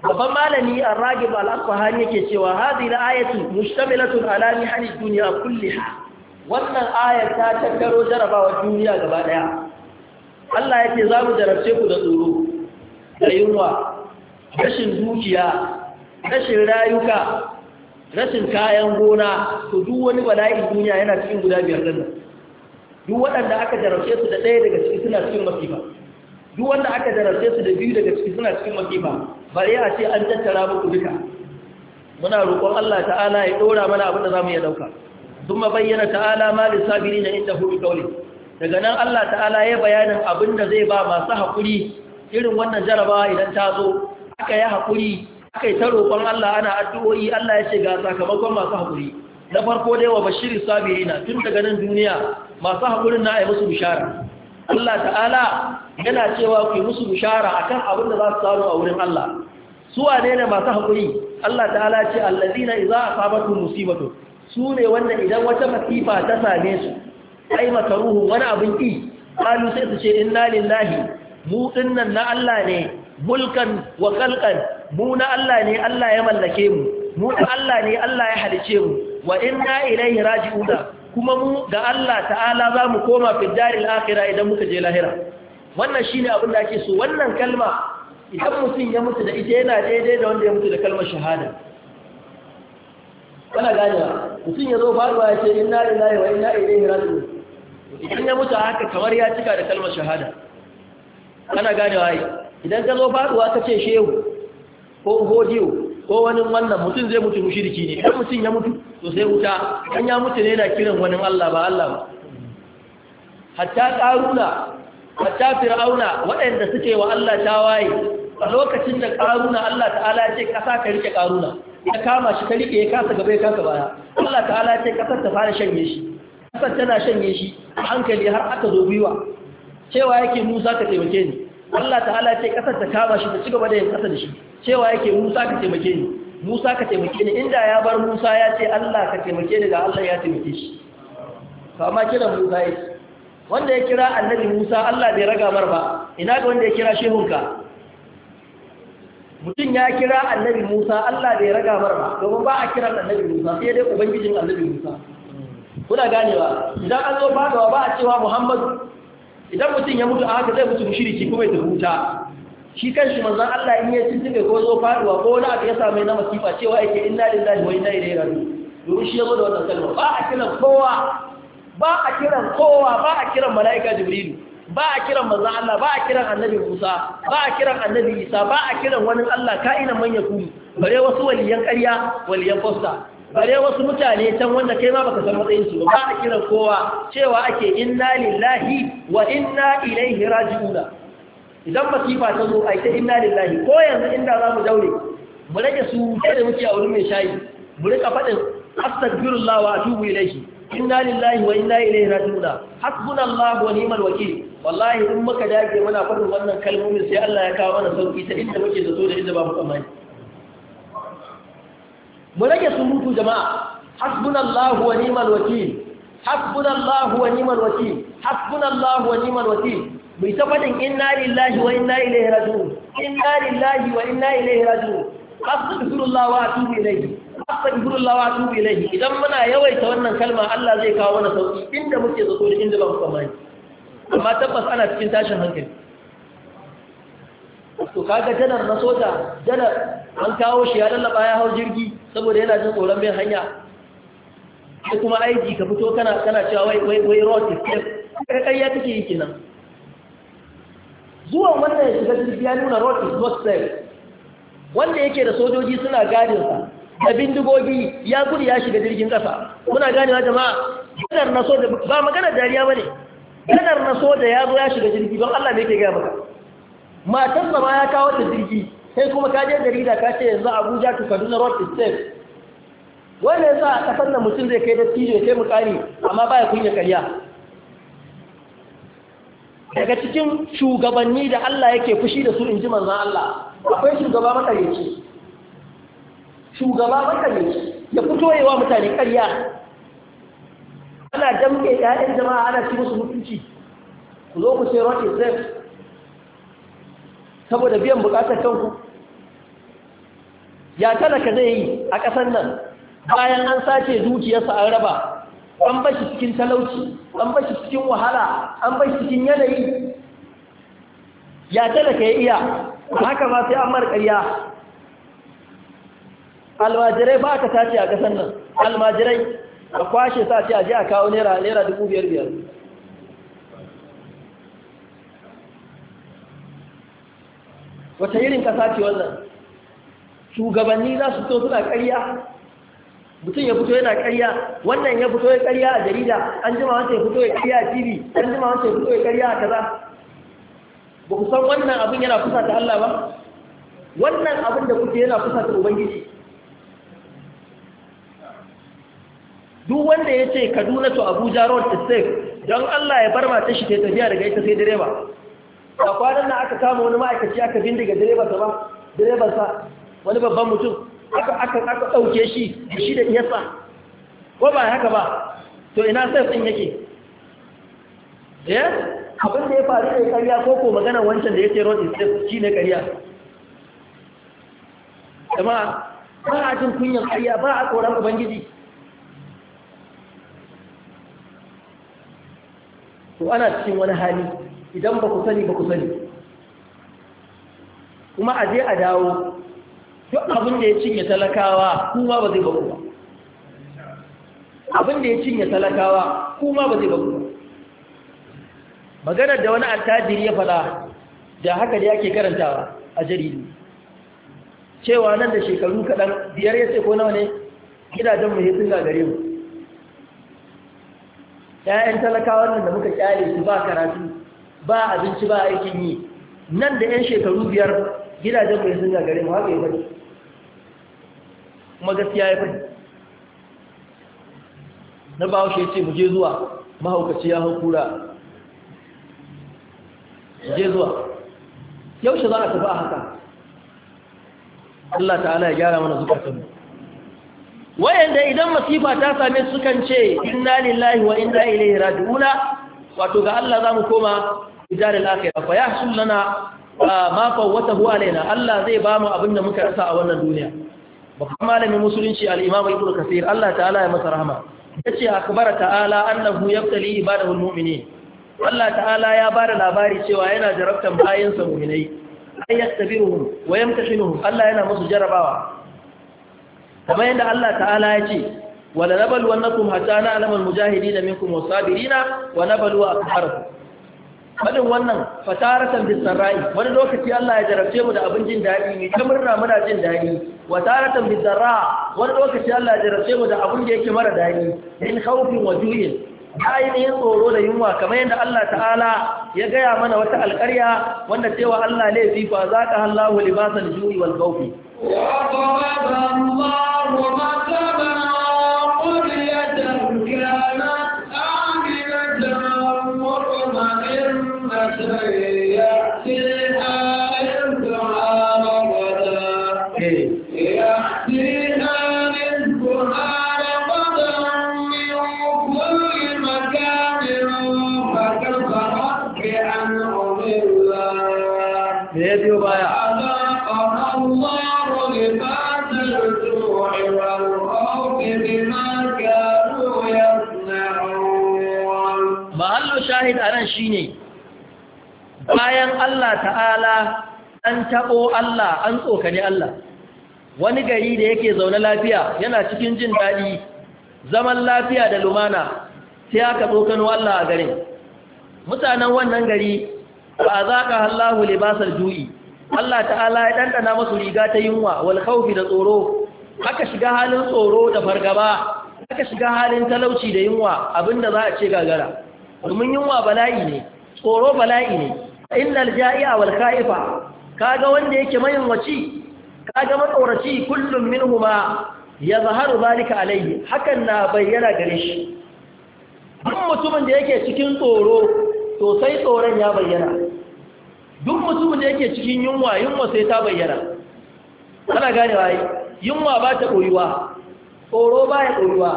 babban malami a ragib al afahani yake cewa hadhihi al-ayatu mushtamilatun ala mihani dunya kulliha wannan ayar ta tattaro jarabawa duniya gaba daya Allah yake za mu jarabce ku da tsoro da yunwa rashin dukiya rashin rayuka rashin kayan gona to duk wani wala'i duniya yana cikin guda biyar nan duk waɗanda aka jarabce su da ɗaya daga cikin suna cikin masifa duk wanda aka darasce su da biyu daga ciki suna cikin masifa bari a ce an tattara muku duka muna roƙon Allah ta'ala ya dora mana abin da zamu mu iya ɗauka ma bayyana ta'ala ma li sabirin inda huri kauli daga nan Allah ta'ala ya bayanin abin da zai ba masu hakuri irin wannan jaraba idan ta zo aka yi haƙuri aka yi ta roƙon Allah ana addu'o'i Allah ya ce ga sakamakon masu hakuri na farko dai wa bashirin sabirina tun daga nan duniya masu haƙurin na a yi musu bishara Allah ta'ala yana cewa ku yi musu bishara akan abin da za su samu a wurin Allah suwa ne ne masu haƙuri Allah ta'ala ce allazina idza asabatu musibatu su ne wanda idan wata masifa ta same su ai makaruhu wani abin ki kalu sai su ce inna lillahi mu dinnan na Allah ne mulkan wa khalqan mu na Allah ne Allah ya mallake mu mu na Allah ne Allah ya halice mu wa inna ilaihi raji'un kuma mu ga Allah ta'ala za mu koma fi daril akhirah idan muka je lahira wannan shine abin da ake so wannan kalma idan mutum ya mutu da ita yana daidai da wanda ya mutu da kalmar shahada kana gane mutum ya zo faruwa ya ce inna lillahi wa inna ilaihi raji'un idan ya mutu haka kamar ya cika da kalmar shahada kana gane wai idan ka zo faruwa ka ce shehu ko hodiyo ko wani wannan mutum zai mutu mushriki ne idan mutum ya mutu to sai wuta an ya mutu ne yana kiran wani Allah ba Allah ba hatta karuna hatta fir'auna waɗanda suke wa Allah tawaye a lokacin da karuna Allah ta'ala ya ce kasa ka rike karuna ya kama shi ka rike ya kasa gaba ya kasa baya Allah ta'ala ya ce kasar ta fara shanye shi kasar tana shanye shi a hankali har aka zo gwiwa cewa yake Musa ka taimake ni Allah ta'ala ce kasar ta kama shi ta ci gaba da yin kasa da shi cewa yake Musa ka taimake ni Musa ka taimake ni inda ya bar Musa ya ce Allah ka taimake ni ga Allah ya taimake shi kama kiran Musa yi. wanda ya kira annabi Musa Allah bai raga mar ba ina ga wanda ya kira shehunka mutum ya kira annabi Musa Allah bai raga mar ba domin ba a kiran annabi Musa sai dai ubangijin annabi Musa kuna ganewa idan an zo fadawa ba a cewa Muhammadu idan mutum ya mutu a haka zai mutu mushriki kuma ya wuta. shi kan shi manzon Allah in ya tuntube ko zo faduwa ko wani abu ya same na masifa cewa yake inna lillahi wa inna ilaihi raji'un domin shi ya zo da wannan kalma ba a kiran kowa ba a kiran kowa ba a kiran mala'ika jibrilu ba a kiran manzon Allah ba a kiran annabi Musa ba a kiran annabi Isa ba a kiran wani Allah ka'inan manya yakuni bare wasu waliyan ƙarya waliyan fasta bare wasu mutane can wanda kai ma baka san matsayin su ba a kiran kowa cewa ake inna lillahi wa inna ilaihi raji'una idan masifa ta zo ai ta inna lillahi ko yanzu inda za mu daure mu rage su da muke a wurin mai shayi mu rika faɗin astaghfirullah wa atubu ilaihi inna lillahi wa inna ilaihi raji'una hasbunallahu wa ni'mal wallahi in muka dage muna faɗin wannan kalmomin sai Allah ya kawo mana sauki ta inda muke zato da inda ba mu tsammani mu rage surutu jama'a hasbunallahu wa ni'mal wakil hasbunallahu wa ni'mal wakil hasbunallahu wa ni'mal wakil mu tafadin fadin inna lillahi wa inna ilaihi raji'un inna lillahi wa inna ilaihi raji'un astaghfirullah wa atubu ilayhi astaghfirullah wa atubu ilayhi idan muna yawaita wannan kalma Allah zai kawo mana sauki inda muke zato da inda ba mu tsammani amma tabbas ana cikin tashin hankali to kaga janar na soja janar an kawo shi ya lallaba ya hau jirgi saboda yana jin tsoron bin hanya sai kuma aiki ka fito kana kana cewa wai wai wai road is safe kai kai ya kike yi kenan zuwa wannan ya shiga jirgi ya nuna road is not safe wanda yake da sojoji suna gadin sa da bindigogi ya gudu ya shiga jirgin kasa muna ganewa jama'a janar na soja ba magana dariya bane janar na soja ya zo ya shiga jirgi don Allah ne yake ga maka Matan ma ya kawo ta jirgi sai kuma ka je jarida ka ce yanzu abuja to kaduna road is safe wanda sa a kasar da mutum zai kai da tijo sai kari amma ba ya kunya karya daga cikin shugabanni da Allah yake fushi da su in ji manzan Allah akwai shugaba makaryaci shugaba makaryaci ya fito yawa mutane karya ana damke ƴaƴan jama'a ana ci musu mutunci ku zo ku sai rocket safe saboda biyan bukatar kanku ya talaka zai yi a ƙasar nan bayan an sace dukiyarsa an raba an bashi cikin talauci an bashi cikin wahala an bashi cikin yanayi ya talaka ya iya haka ma sai an marƙarya almajirai ba ka tace a ƙasar nan almajirai ka kwashe sace a je a kawo naira naira dubu biyar biyar wata irin ƙasa ce wannan shugabanni za su to suna ƙarya mutum ya fito yana ƙarya wannan ya fito ya ƙarya a jarida an jima wancan ya fito ya ƙarya a tv an jima wancan ya fito ya ƙarya a kaza ba ku san wannan abin yana kusa ta Allah ba wannan abin da kuke yana kusa ta ubangiji duk wanda ya ce kaduna to abuja road estate don Allah ya bar mata shi ta tafiya daga ita sai direba a kwanan nan aka kama wani ma'aikaci aka bindiga direbarsa ba direbarsa wani babban mutum aka aka aka dauke shi shi da iyasa ko ba haka ba to ina sai sun yake eh abin da ya faru ne karya ko ko magana wancan da yake road is shi ne karya. kuma ba a jin kunyan karya ba a tsoron ubangiji to ana cikin wani hali idan ba ku sani ba ku sani kuma a je a dawo duk abin da ya cinye talakawa kuma ba zai ba ba abin da ya cinye talakawa kuma ba zai ba ba maganar da wani attajiri ya faɗa da haka da yake karantawa a jaridu cewa nan da shekaru kaɗan biyar ya ce ko nawa ne gidajen mu sun gagare mu ‘ya'yan talakawar nan da muka kyale su ba karatu ba abinci ba aikin yi nan da 'yan shekaru biyar gidajen mai sun gagare mu haka ya fadi kuma gaskiya ya fadi na ba ya ce mu je zuwa mahaukaci ya hankura je zuwa yaushe za a tafi a haka Allah ta'ala ya gyara mana zukatanmu wayanda idan masifa ta same su kan ce inna lillahi wa inna ilaihi raji'una wato ga Allah zamu koma fi daril akhirah fa yahsul lana ah, ma huwa alaina Allah zai ba mu abin da muka rasa a wannan duniya babban malamin musulunci al-imam ibnu kasir Allah ta'ala ya masa rahama yace akbara ta'ala annahu yabtali ibadahu al-mu'minin Allah ta'ala ya bada labari cewa yana jarabtan bayinsa mu'minai ay yaktabiruhum wa yamtahinuhum Allah yana musu jarabawa kamar yadda Allah ta'ala ya ce wala nablu annakum hatta na'lamu al-mujahidina minkum was-sabirina wa nablu akbarakum Faɗin wannan fataratan bisarra'i wani lokaci Allah ya jarabce mu da abin jin daɗi ne ta murna muna jin daɗi wa taratan bisarra wani lokaci Allah ya jarabce mu da abin da yake mara daɗi in haufin wa ju'in ainihin tsoro da yunwa kamar yadda Allah ta'ala ya gaya mana wata alƙarya wanda cewa Allah laifi fa ka hallahu libasan juyi wal khawfi ya ba ba ba. Thank you. bayan Allah ta'ala an taɓo Allah an tsokani Allah wani gari da yake zaune lafiya yana cikin jin daɗi zaman lafiya da lumana sai aka tsokano Allah a garin mutanen wannan gari ba za ka hallahu libasar ju'i Allah ta'ala ya ɗanɗana masu riga ta yunwa wal khawfi da tsoro aka shiga halin tsoro da fargaba aka shiga halin talauci da yunwa abinda za a ce gagara domin yunwa bala'i ne tsoro bala'i ne innal ja'i'a wal kha'ifa kaga wanda yake mayin waci kaga matsoraci kullum minhuma yazharu zalika alayhi hakan na bayyana gare shi duk mutumin da yake cikin tsoro to sai tsoron ya bayyana duk mutumin da yake cikin yunwa yunwa sai ta bayyana kana gane wai yunwa ba ta koyuwa tsoro ba ya koyuwa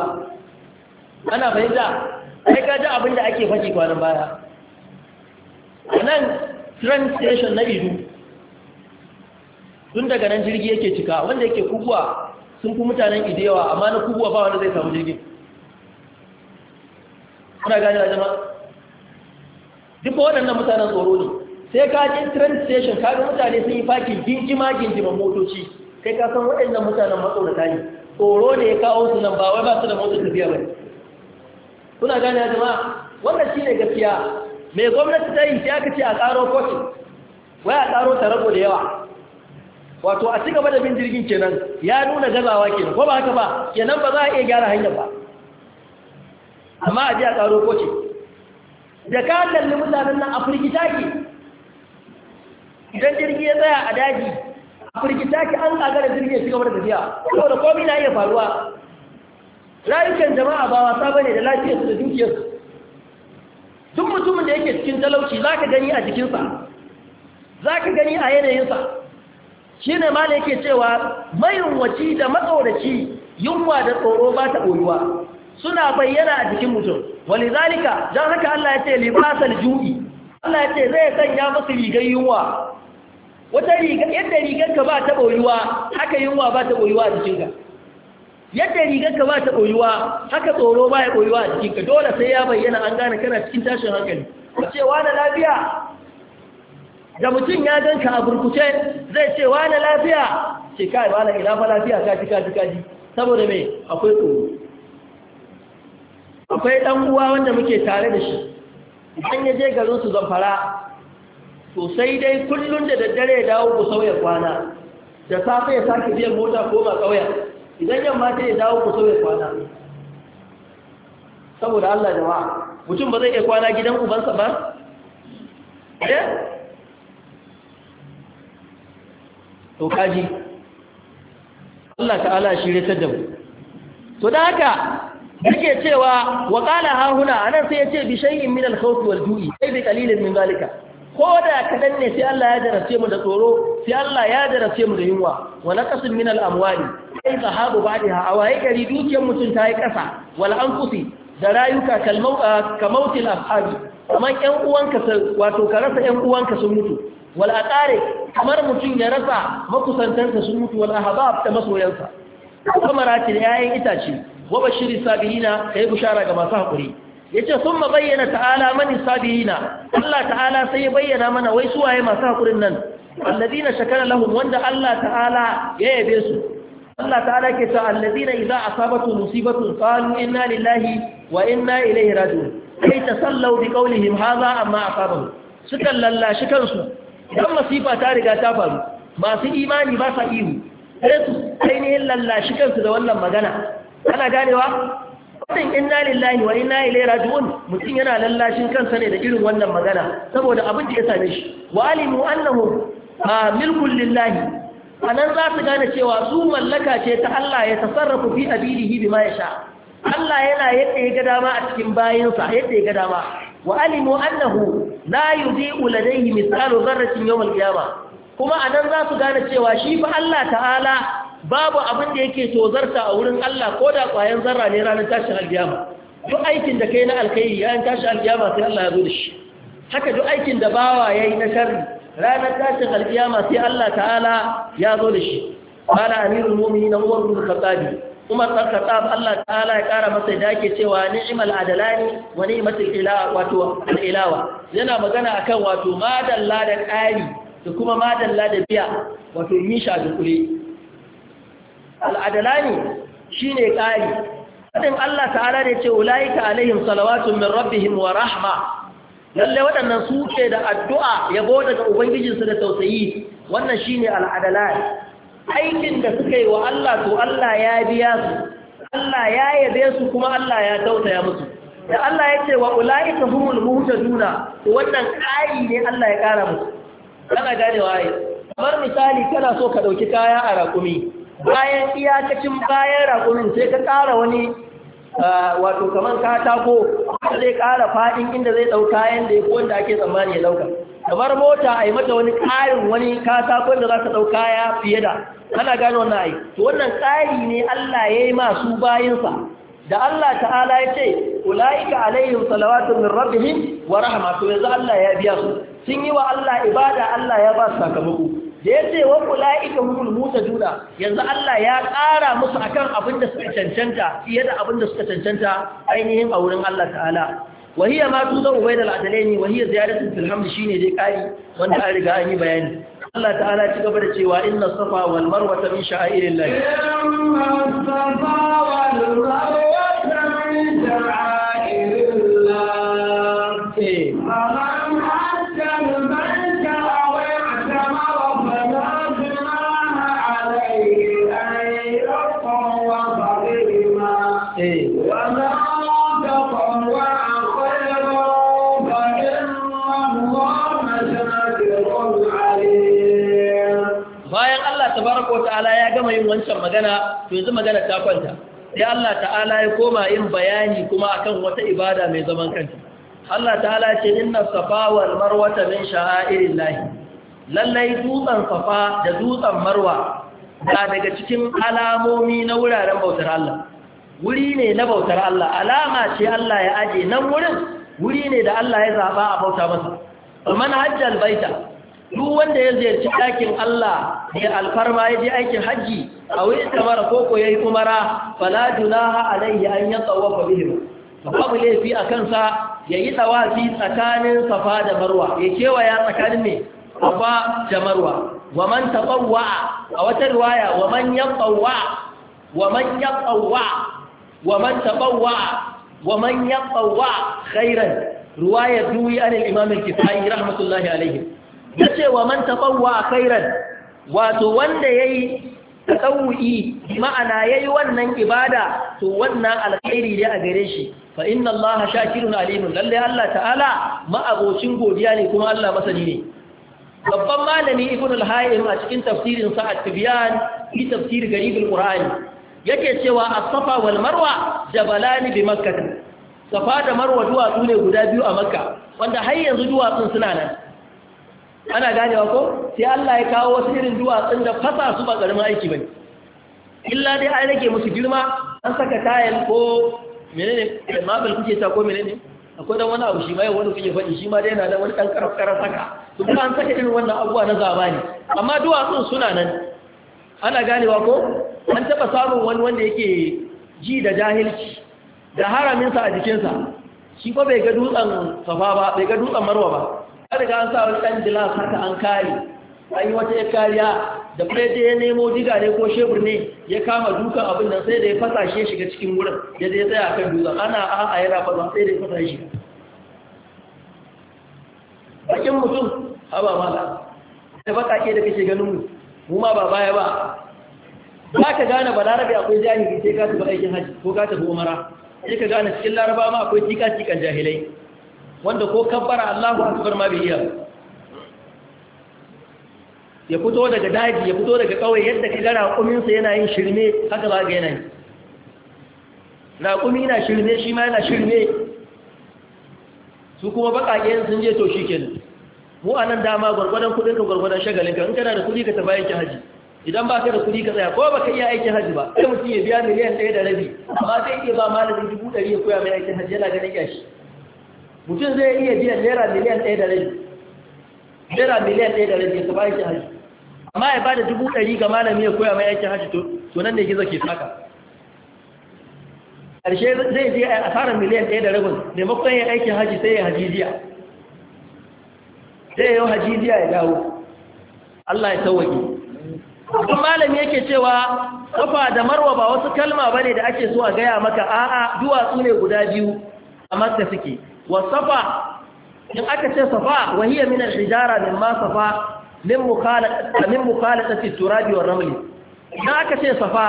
ana bayyana sai ka ji abin da ake faci kwanan baya nan train station na idu tun daga nan jirgi yake cika wanda yake kubuwa sun fi mutanen idewa amma na kubuwa ba wanda zai samu jirgin kuna gani a jama'a duk waɗannan mutanen tsoro ne sai ka je train station ka ga mutane sun yi fakin gingima gingiman motoci kai ka san waɗannan mutanen matsaunata ne tsoro ne ya kawo su nan ba wai ba su da motar tafiya ba kuna gani a jama'a wannan shi ne gaskiya mai gwamnati ta yi sai aka ce a ƙaro kotu wai a ƙaro ta rago da yawa wato a cika da bin jirgin kenan ya nuna gazawa kenan ko ba haka ba kenan ba za a iya gyara hanyar ba amma a ji a ƙaro kotu da ka kalli mutanen nan a firgita ke. idan jirgi ya tsaya a daji a firgita ke an tsagara jirgin su cigaba da tafiya saboda komai na iya faruwa rayukan jama'a ba wasa bane da lafiyarsu da dukiyarsu Tun mutumin da yake cikin talauci za ka gani a jikinsa za ka gani a yanayinsa shi ne ma yake cewa mayunwaci da matsoraci yunwa da tsoro ba ta ɓoyuwa suna bayyana a jikin mutum wani zalika don haka Allah ya ce libasar ju'i Allah ya ce zai sanya musu rigar yunwa wata riga, yadda rigar ka ba ta ɓoyuwa haka yunwa ba ta ɓoyuwa a jikinka yadda rigar ka ba ta ɓoyuwa haka tsoro ba ya ɓoyuwa a cikinka dole sai ya bayyana an gane kana cikin tashin hankali ba ce wane lafiya da mutum ya ganka a burkuce zai ce wane lafiya ce kai ba ina fa lafiya kaji kaji kaji saboda mai akwai tsoro akwai ɗan uwa wanda muke tare da shi idan ya je garin su zamfara to sai dai kullum da daddare ya dawo ku sauya kwana da safe ya sake biyan mota koma ƙauyen idan yamma ta yi dawo ku sauya ya kwana saboda Allah jama'a mutum ba zai iya kwana gidan ubansa ba ɗaya? Eh? to kaji Allah ta'ala shi retar da mu to da haka yake cewa waƙala qala ha huna anan sai ya ce bishayin min al wal-ju'i sai bi qalilin min zalika ko da kaɗan ne sai Allah ya jarabce mu da tsoro sai Allah ya darace mu da yunwa wa naqasin min al-amwali ai zahabu ba'daha awai gari dukiyar mutum ta yi ƙasa wal anfusi da rayuka kalmau ah, kamautil ashabi kamar ƴan uwanka wato ka rasa ƴan uwanka sun mutu wal aqare kamar mutum ya rasa makusantansa sun mutu wal ahbab da masoyansa kamar ce da 'ya'yan itace wa bashiri sabirina kai bushara ga masu hakuri Ya yace summa bayyana ta'ala man sabina Allah ta'ala sai ya bayyana mana wai su waye masu haƙurin nan alladina shakara lahum wanda Allah ta'ala ya yabe su Allah ta'ala ke ta alladina idza asabatu musibatun qalu inna lillahi wa inna ilaihi raji'un ta tasallau bi qawlihim hadha amma asabahu sukan lallashi kansu idan masifa ta riga ta faru masu imani ba sa ihu sai ne lallashi kansu da wannan magana ana ganewa wannan inna lillahi wa inna ilaihi raji'un mutum yana lallashin kansa ne da irin wannan magana saboda abin da ya same shi wa alimu annahu milkul lillahi anan za su gane cewa su mallaka ce ta Allah ya tasarrafu fi abilihi bima yasha Allah yana yadda ya ga dama a cikin bayinsa yadda ya ga dama wa alimu annahu la yudhi'u ladayhi mithqalu dharratin yawm al-qiyamah kuma anan za su gane cewa shi fa Allah ta'ala babu abin da yake tozarta a wurin Allah ko da ƙwayan zarra ne ranar tashin alkiyama duk aikin da kai na alkhairi yayin tashin alkiyama sai Allah ya zo da shi haka duk aikin da bawa ya yi na sharri ranar tashin alkiyama sai Allah ta'ala ya zo da shi qala amirul mu'minin Umar bin Khattab Umar bin Khattab Allah ta'ala ya ƙara masa da ake cewa ni'mal adalani wa ni'matul ila wato al-ilawa yana magana akan wato madalla da ƙari da kuma madalla da biya wato misha da kule shi ne ƙari Faɗin Allah ta'ala da ce ulaika alaihim salawatun min rabbihim wa rahma lalle waɗannan su ke da addu'a yabo daga ubangijinsu da tausayi wannan ne al'adala aikin da suka yi wa Allah to Allah ya biya su Allah ya yabe su kuma Allah ya tausaya musu da Allah ya ce wa ulaika humul muhtaduna duna, wannan ƙari ne Allah ya ƙara musu kana ganewa ai kamar misali kana so ka ɗauki kaya a raƙumi bayan iyakacin bayan raƙumin sai ka kara wani eh, wato kamar katako zai kara faɗin inda zai ɗauka yadda ya ake tsammani ya ɗauka kamar mota a yi mata wani karin wani katakon da za ka dauka ya fiye da ana gano wannan ai to wannan tsari ne Allah ya yi masu bayansa da Allah ta'ala ya ce ula'ika alaihim salawatu min rabbihim wa rahma to yanzu Allah ya biya su sun yi wa Allah ibada Allah ya ba su sakamako da ya ce wa ula'ika humul musa juna yanzu Allah ya ƙara musu akan abin da suka cancanta fiye da abin da suka cancanta ainihin a wurin Allah ta'ala wahiya ma tuzan ubaida al'adalaini wahiya ziyaratu fil hamd shine dai kari wanda an riga an yi bayani Allah ta'ala ci gaba da cewa inna safa wal marwa min sha'airillah inna safa tabaraka wa ta'ala ya gama yin wancan magana to yanzu magana ta kwanta sai Allah ta'ala ya koma yin bayani kuma akan wata ibada mai zaman kanta Allah ta'ala ce inna safa wal marwata min sha'airillahi lallai dutsen safa da dutsen marwa na daga cikin alamomi na wuraren bautar Allah wuri ne na bautar Allah alama ce Allah ya aje nan wurin wuri ne da Allah ya zaba a bauta masa man hajjal baita duk wanda ya ziyarci ɗakin Allah da ya alfarma ya je aikin hajji a wuri tamara koko ya yi kumara fala junaha alaihi an ya tsawafa bihim babu laifi a kansa ya yi tsawafi tsakanin safa da marwa ya kewaya tsakanin ne safa da marwa wa man taɓawa a wata riwaya wa man yaɓawa wa man yaɓawa wa man taɓawa wa man yaɓawa khairan riwaya duwi an al-imam al-kifayi rahmatullahi alaihi yace wa man tafawwa khairan wato wanda yayi tasawwi ma'ana yayi wannan ibada to wannan alkhairi ne a gare shi fa inna allaha shakirun alimun lalle Allah ta'ala ma'abocin godiya ne kuma Allah masani ne babban malami ibn al a cikin tafsirin sa at-tibyan fi tafsir garib al-qur'an yake cewa as-safa wal marwa jabalani bi makkah safa da marwa duwatsu ne guda biyu a makka wanda har yanzu duwatsun suna nan ana ganewa ko sai Allah ya kawo wasu irin duwatsun da fasa su ba ƙaramin aiki bane illa dai an rage musu girma an saka tayal ko menene mabal kuke ta ko menene akwai dan wani abu shi mai wani kuke faɗi shi ma dai yana da wani ɗan karaf karaf saka to kuma an saka irin wannan abuwa na zamani amma duwatsun suna nan ana ganewa ko an taba samun wani wanda yake ji da jahilci da haraminsa a jikinsa shi ko bai ga dutsen safa ba bai ga dutsen marwa ba Kada ka an sa wani ɗan gilas haka an kare an yi wata ya kariya da fede ya nemo diga ne ko shebur ne ya kama dukan abin nan sai da ya fasa shi shiga cikin wurin ya zai tsaya kan dukan ana a'a yana fasa sai da ya fasa shi bakin mutum haba mala da ke da kake ganin mu mu ma ba baya ba za ka gane ba larabi akwai jahili sai ka tafi aikin hajji ko ka tafi umara sai ka gane cikin laraba ma akwai tika tikan jahilai wanda ko kabbara Allahu akbar ma bai iya ya fito daga daji ya fito daga kawai yadda ka gara kuminsa yana yin shirme haka ba ga yana yi na kumi na shirme shi ma yana shirme su kuma bakaƙe sun je to shi kenan mu a nan dama gwargwadon kudin ka gwargwadon shagalin ka in kana da kudi ka tafi aikin haji idan ba ka da kudi ka tsaya ko ba ka iya aikin haji ba sai mutum ya biya miliyan ɗaya da rabi amma sai ke ba malamin dubu ɗari ya koya mai aikin haji yana ganin yashi mutum zai iya biya naira miliyan ɗaya da rai, naira miliyan ɗaya da rai, ya ba yake haji amma ya bada dubu ɗari ga malami ya koya mai yake haji to nan ne gizo ke saka ƙarshe zai je a asarar miliyan ɗaya da rabin maimakon ya aikin haji sai ya haji jiya sai ya yi haji jiya ya dawo Allah ya tawage kuma malami yake cewa kafa da marwa ba wasu kalma bane da ake so a gaya maka a'a duwatsu ne guda biyu a maka suke wasafa in aka ce safa wahiya min al-hijara mimma safa min mukhalata min mukhalatati turabi wa ramli in aka ce safa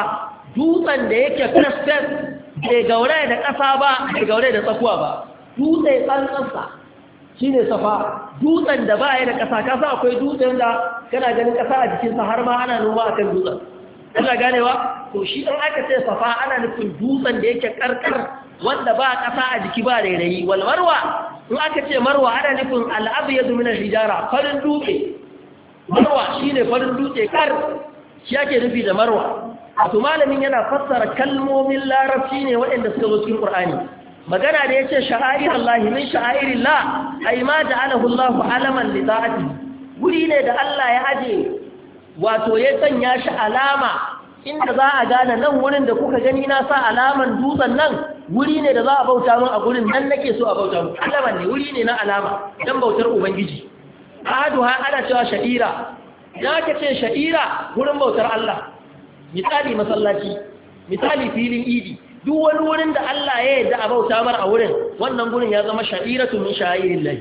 dutsen da yake fesfes bai gaure da ƙasa ba bai gaure da tsakuwa ba dutse tsantsansa shine safa dutsen da ba ya da ƙasa kasa akwai dutsen da kana ganin ƙasa a jikinsa har ma ana noma akan dutsen kana ganewa to shi in aka ce safa ana nufin dutsen da yake karkar wanda ba ƙasa a jiki ba rairayi wal marwa in aka ce marwa ana nufin al'abyadu min al-hijara farin dutse marwa shine farin dutse kar shi ake nufi da marwa to malamin yana fassara kalmomin larabci ne waɗanda suka zo cikin qur'ani magana da yace sha'air Allah min sha'airillah ai ma ja'alahu Allah alaman li ta'ati guri ne da Allah ya aje wato ya sanya shi alama inda za a gane nan wurin da kuka gani na sa alaman dutsen nan wuri ne da za a bauta min a gurin nan nake so a bauta min Alama ne wuri ne na alama dan bautar ubangiji adu ha ana cewa sha'ira da ka ce sha'ira gurin bautar Allah misali masallaci misali filin idi duk wani wurin da Allah ya yarda a bauta mar a wurin wannan gurin ya zama sha'iratu min sha'irillah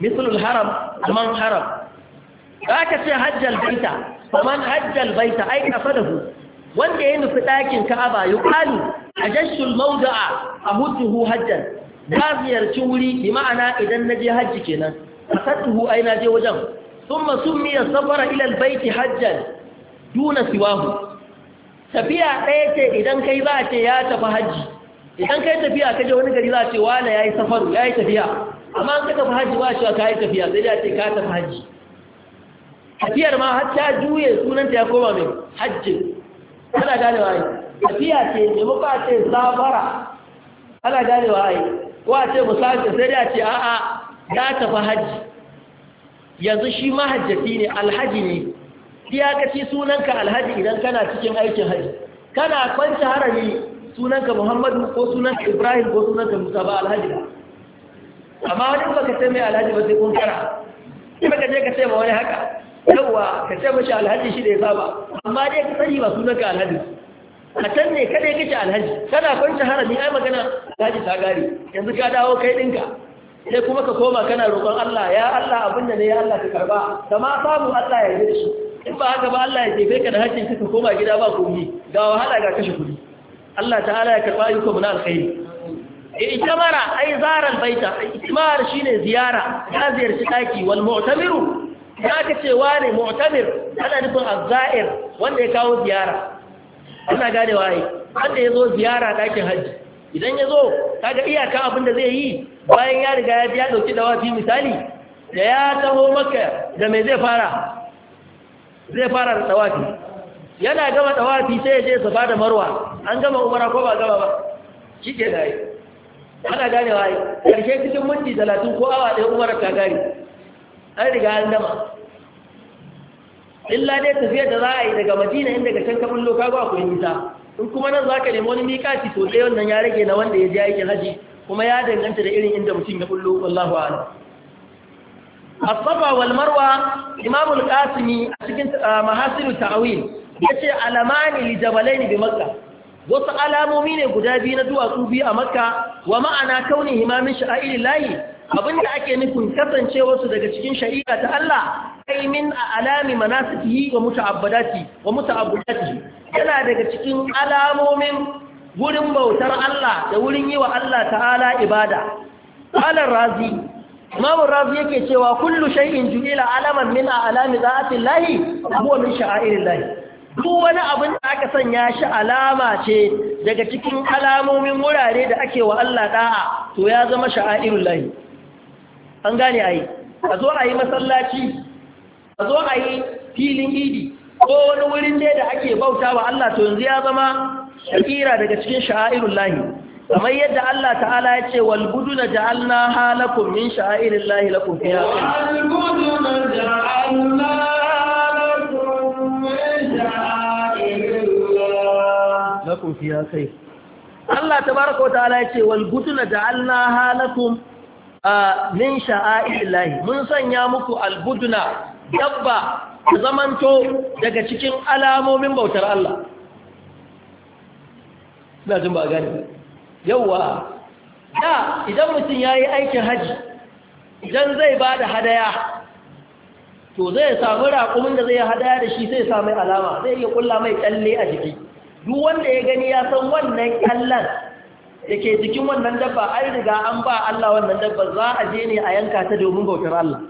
mislul haram alman haram da ka ce hajjal baita faman hajjal baita ai kasadahu wanda ya nufi ɗakin ka'aba yuqalu ajashul mawda'a ahudduhu hajjan na ziyarci wuri bi ma'ana idan na je hajji kenan A fasadduhu ai na je wajen Sun thumma summiya safara ilal baiti hajjan duna siwahu tafiya ɗaya ce idan kai za a ce ya tafi hajji idan kai tafiya ka je wani gari za a ce wala ya yi safaru ya yi tafiya amma an ka tafi hajji ba cewa ka yi tafiya sai da ce ka tafi hajji tafiyar ma har ta juye sunanta ya koma mai hajji ana ganewa ai tafiya ce maimakon a ce zafara ana ganewa ai ko a ce musamman sai dai a ce a'a ya tafi hajji yanzu shi mahajjafi ne alhaji ne iyakaci sunanka alhaji idan kana cikin aikin hajji kana kwanci harami sunanka muhammadu ko sunanka ibrahim ko sunanka musa ba alhaji ba amma wani baka ce mai alhaji ba sai kun kara sai baka je ka ce ma wani haka yawa ka ce mashi alhaji shi da ya saba amma dai ka sani ba sunan ka alhaji a can ne kada ya kace alhaji kana kwanci harami ai magana alhaji ta gari yanzu ka dawo kai dinka sai kuma ka koma kana roƙon Allah ya Allah abin da ne ya Allah ka karba da ma samu Allah ya yi shi in ba haka ba Allah ya jefe ka da hakkin ka koma gida ba komi ga wahala ga kashe kuɗi Allah ta'ala ya karba ayyuka mu na alkhairi eh, itamara ai zarar baita itimar shine ziyara ya ziyarci daki wal mu'tamiru ya ka ce wane mu'tamir ana nufin azza'ir wanda ya kawo ziyara ana gane waye wanda ya zo ziyara ɗakin hajji idan ya zo kaga iyaka abin da zai yi bayan ya riga ya biya ɗauki dawafi misali da ya taho maka da mai zai fara zai fara da dawafi yana gama dawafi sai ya je safa da marwa an gama umara ko ba gama ba shi ke da yi ana gane waye ƙarshe cikin minti talatin ko awa ɗaya umara ta gari an riga an dama. illa dai tafiyar da za a yi daga madina inda ga can kafin loka ba ku nisa in kuma nan za ka nemi wani mikati to sai wannan ya rage na wanda ya je aikin haji kuma ya danganta da irin inda mutum ya bullo wallahu a'lam asfafa wal marwa imam qasimi a cikin mahasiru ta'wil yace alamani li jabalain bi makkah wasu alamomi ne guda biyu na duwatsu biyu a makka wa ma'ana kaunihi ma min sha'ailillahi abin da ake nufin kasance wasu daga cikin shari'a ta Allah kai min a alami manasikihi wa muta'abbadati wa muta'abbadati yana daga cikin alamomin wurin bautar Allah da wurin yi wa Allah ta'ala ibada qala razi imam razi yake cewa kullu shay'in ju'ila alaman min a alami zati llahi huwa min lahi. duk wani abin da aka sanya shi alama ce daga cikin alamomin wurare da ake wa Allah da'a to ya zama sha'airul lahi an gane a yi a zo a yi masallaci a zo a yi filin idi ko wani wurin ne da ake bauta wa Allah to yanzu ya zama shakira daga cikin sha'airun lahi kamar yadda Allah ta'ala ya ce wal buduna ja'alna halakum min sha'airin lahi lakum fiya lakum fiya kai Allah tabaraka wa ta'ala ya ce wal buduna ja'alna halakum min sha'a'illahi mun sanya muku albuduna dabba zamanto daga cikin alamomin bautar Allah Ina jin ba gani yauwa da idan mutum ya yi aikin haji idan zai ba da hadaya to zai samu raƙumin da zai hadaya da shi sai samu alama zai iya kulla mai kyalle a jiki duk wanda ya gani ya san wannan kyallan da ke jikin wannan dabba an riga an ba Allah wannan dabba za a je ne a yanka ta domin bautar Allah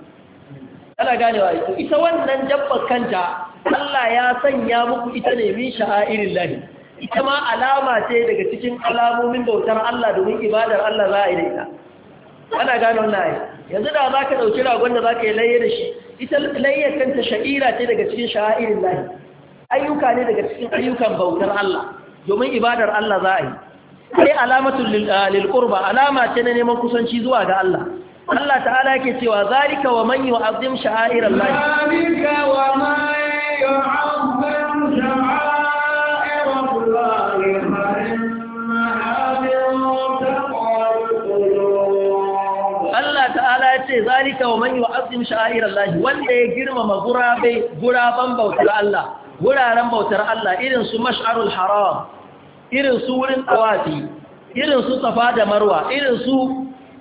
ana ganewa ita ita wannan dabba kanta Allah ya sanya muku ita ne min sha'irin lahi ita ma alama ce daga cikin alamomin bautar Allah domin ibadar Allah za a yi da ita ana gane wannan ayi yanzu da za ka ɗauki ragon da za ka yi layya da shi ita layyar kanta sha'ira ce daga cikin sha'irin lahi ayyuka ne daga cikin ayyukan bautar Allah domin ibadar Allah za a yi ai alamatul lil qurba alama ce na neman kusanci zuwa ga Allah Allah ta'ala yake cewa zalika wa man yu'azzim sha'airallahi zalika wa man yu'azzim sha'airallahi Allah ta'ala yace zalika wa man yu'azzim sha'airallahi wanda ya girmama gurabe guraban bautar Allah guraren bautar Allah irin su mash'arul haram irin su wurin tawafi irin su Tsafa da marwa irin su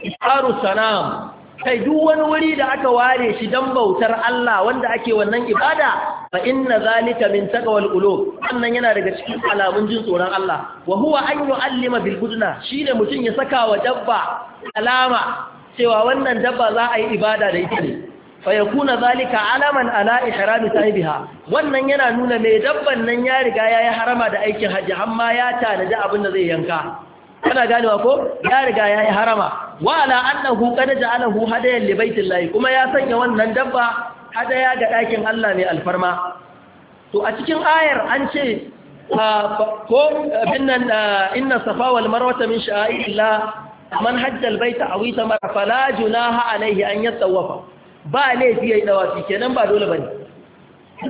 isharu sanam kai duk wani wuri da aka ware shi dan bautar Allah wanda ake wannan ibada fa inna zalika min taqwal qulub wannan yana daga cikin alamun jin tsoron Allah wa huwa an yu'allima bil budna shine mutun ya saka wa dabba alama cewa wannan dabba za a yi ibada da ita ne fayakuna zalika alaman ala ihrami sahibiha wannan yana nuna mai dabban nan ya riga yayi harama da aikin haji amma ya tanaji abin da zai yanka kana ganewa ko ya riga yayi harama wa ala annahu qad ja'alahu hadayan li baitillahi kuma ya sanya wannan dabba hadaya ga dakin Allah mai alfarma to a cikin ayar an ce ko binnan inna safa wal marwa min sha'irillah man hajja baita aw itamara fala junaha alayhi an yatawafa ba laifi ya yi dawafi kenan ba dole ba ne